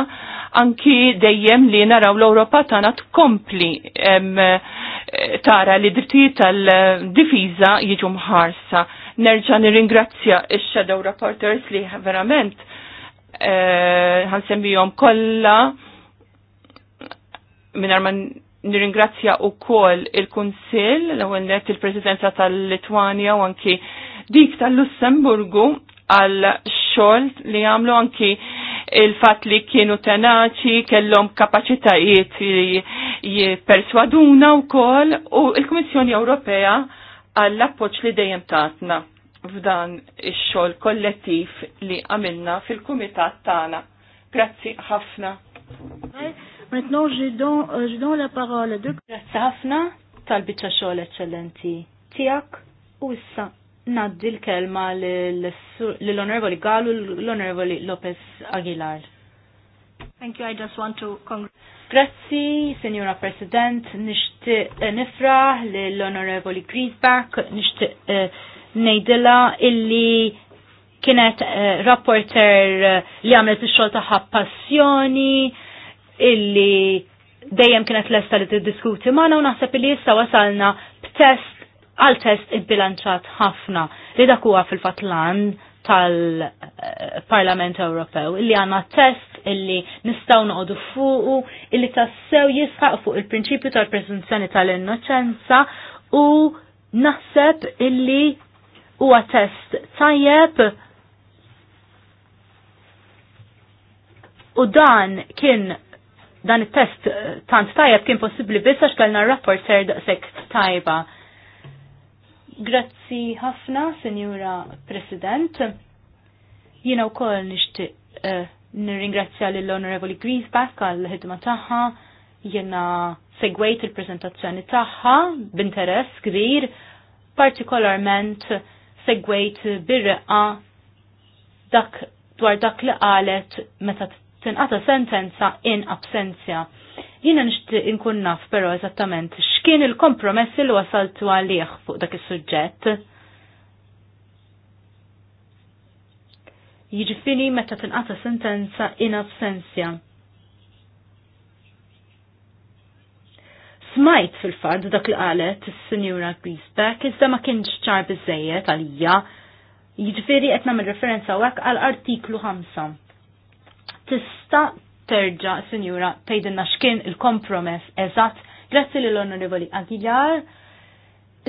[SPEAKER 2] anki dejjem li naraw l-Europa tagħna tkompli eh, tara li drittijiet tal-difiża jiġu mħarsa. Nerġa' nirringrazzja ix-shadow reporters li verament eh, ħansemmihom kollha minar man nirringrazzja u kol il-Kunsil, l għennet il-Presidenza tal-Litwania u anki dik tal-Lussemburgu għal xol li għamlu anki il-fat li kienu tenaċi, kellom kapacitajiet perswaduna u kol u il-Komissjoni Ewropea għall appoċ li dejjem tatna f'dan ix-xogħol kollettiv li għamilna fil-kumitat tagħna. Grazzi ħafna.
[SPEAKER 3] Eh, Maintenant, je donne, euh, je donne la parole de... Grazie ħafna tal-bicċa xogħol eccellenti tiegħek u issa naddi l-kelma l-Onorevoli Gallu l-Onorevoli Lopez Aguilar. Thank you, I just want to Grazzi, Signora President, nishtiq eh, nifra l-Onorevoli Griesbach, nishtiq eh, nejdila illi kienet eh, rapporter li għamlet il-xol taħħa passjoni, illi dejjem kienet lesta li tiddiskuti magħna u naħseb li jissa wasalna b'test għal test il-bilanċat ħafna li dak huwa fil-fatlan tal-Parlament Ewropew illi għanna test illi nistaw noqogħdu fuqu illi tassew jisħaq fuq il-prinċipju tal-presunzjoni tal-innoċenza u naħseb illi huwa test tajjeb u dan kien dan it-test eh, tant tajjeb kien possibbli biss għax rapport rapporter daqsek tajba. Grazzi ħafna, Senjura President. Jiena wkoll nixtieq uh, nirringrazzja lill onorevoli Griesback għall ħidma tagħha. Jiena segwejt il-preżentazzjoni tagħha b'interess kbir, partikolarment segwejt bir dak dwar dak li qalet meta tinqata sentenza in absenzja. Jina nixtieq inkun naf però eżattament x'kien il-kompromess li wasaltu għalih fuq dak is-suġġett. Jiġifieri meta tinqata sentenza in absenzja. Smajt fil-fard dak li qalet is senjura Griesbeck iżda ma kienx ċar biżejjed għalija. Jiġifieri qed nagħmel referenza hekk għal artiklu 5 tista terġa, sinjura, tejdinna xkien il-kompromess eżatt grazzi l onorevoli Aguilar.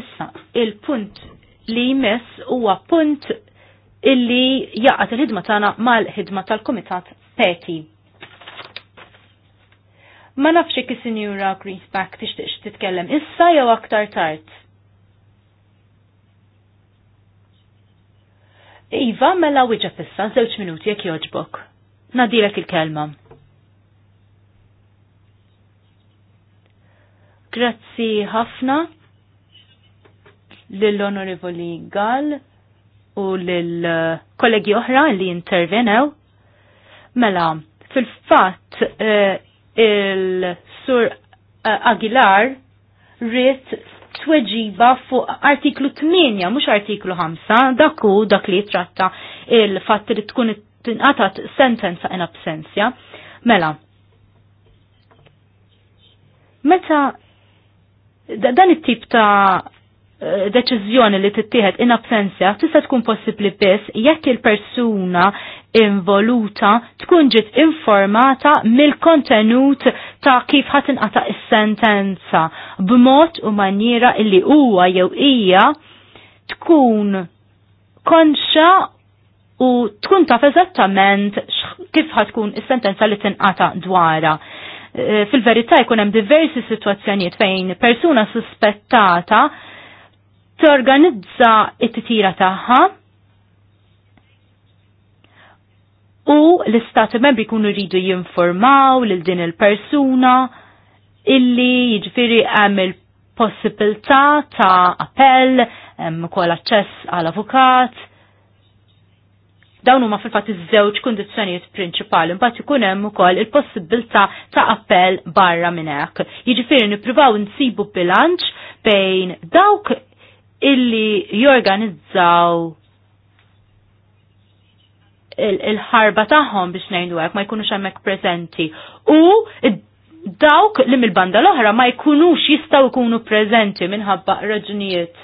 [SPEAKER 3] Issa, il-punt li jmiss huwa punt illi jaqat il-ħidma tagħna mal-ħidma tal-Kumitat Peti. Ma nafx ki sinjura Greenback tixtieq titkellem issa jew aktar tard. Iva mela wieġeb issa żewġ minuti jekk jogħġbok. Nadilek il-kelma. Grazzi ħafna l onorevoli Gall u lill-kollegi oħra li intervenew. Mela, fil-fatt eh, il-Sur eh, Aguilar rrit tweġiba fuq artiklu 8, mux artiklu 5, daku dak li tratta il fat li tkun tinqatat sentenza in absenzja. Mela, meta dan it-tip ta' eh, deċiżjoni li tittieħed in absenzja tista' tkun possibbli biss jekk il-persuna involuta tkun ġiet informata mill-kontenut ta' kif ħadd inqata' is-sentenza b'mod u manjera illi huwa jew hija tkun konxa u tkun taf eżattament kif ħatkun is-sentenza li tinqata dwara. Eh, fil-verità jkun hemm diversi sitwazzjonijiet fejn persuna suspettata torganizza it-titira tagħha u l-istati membri kunu rridu jinformaw lil din il-persuna illi jiġifieri hemm il-possibilità ta' appell, hemm ukoll aċċess għal avukat Dawn huma fil-fatt iż-żewġ kundizzjonijiet prinċipali, mbagħad ikun hemm ukoll il-possibilità ta' appell barra minn hekk. Jiġifieri nippruvaw insibu bilanċ bejn dawk illi jorganizzaw il-ħarba tagħhom biex ngħidu hekk ma jkunux hemmhekk preżenti u dawk li mill-banda l-oħra ma jkunux jistgħu jkunu preżenti minħabba raġunijiet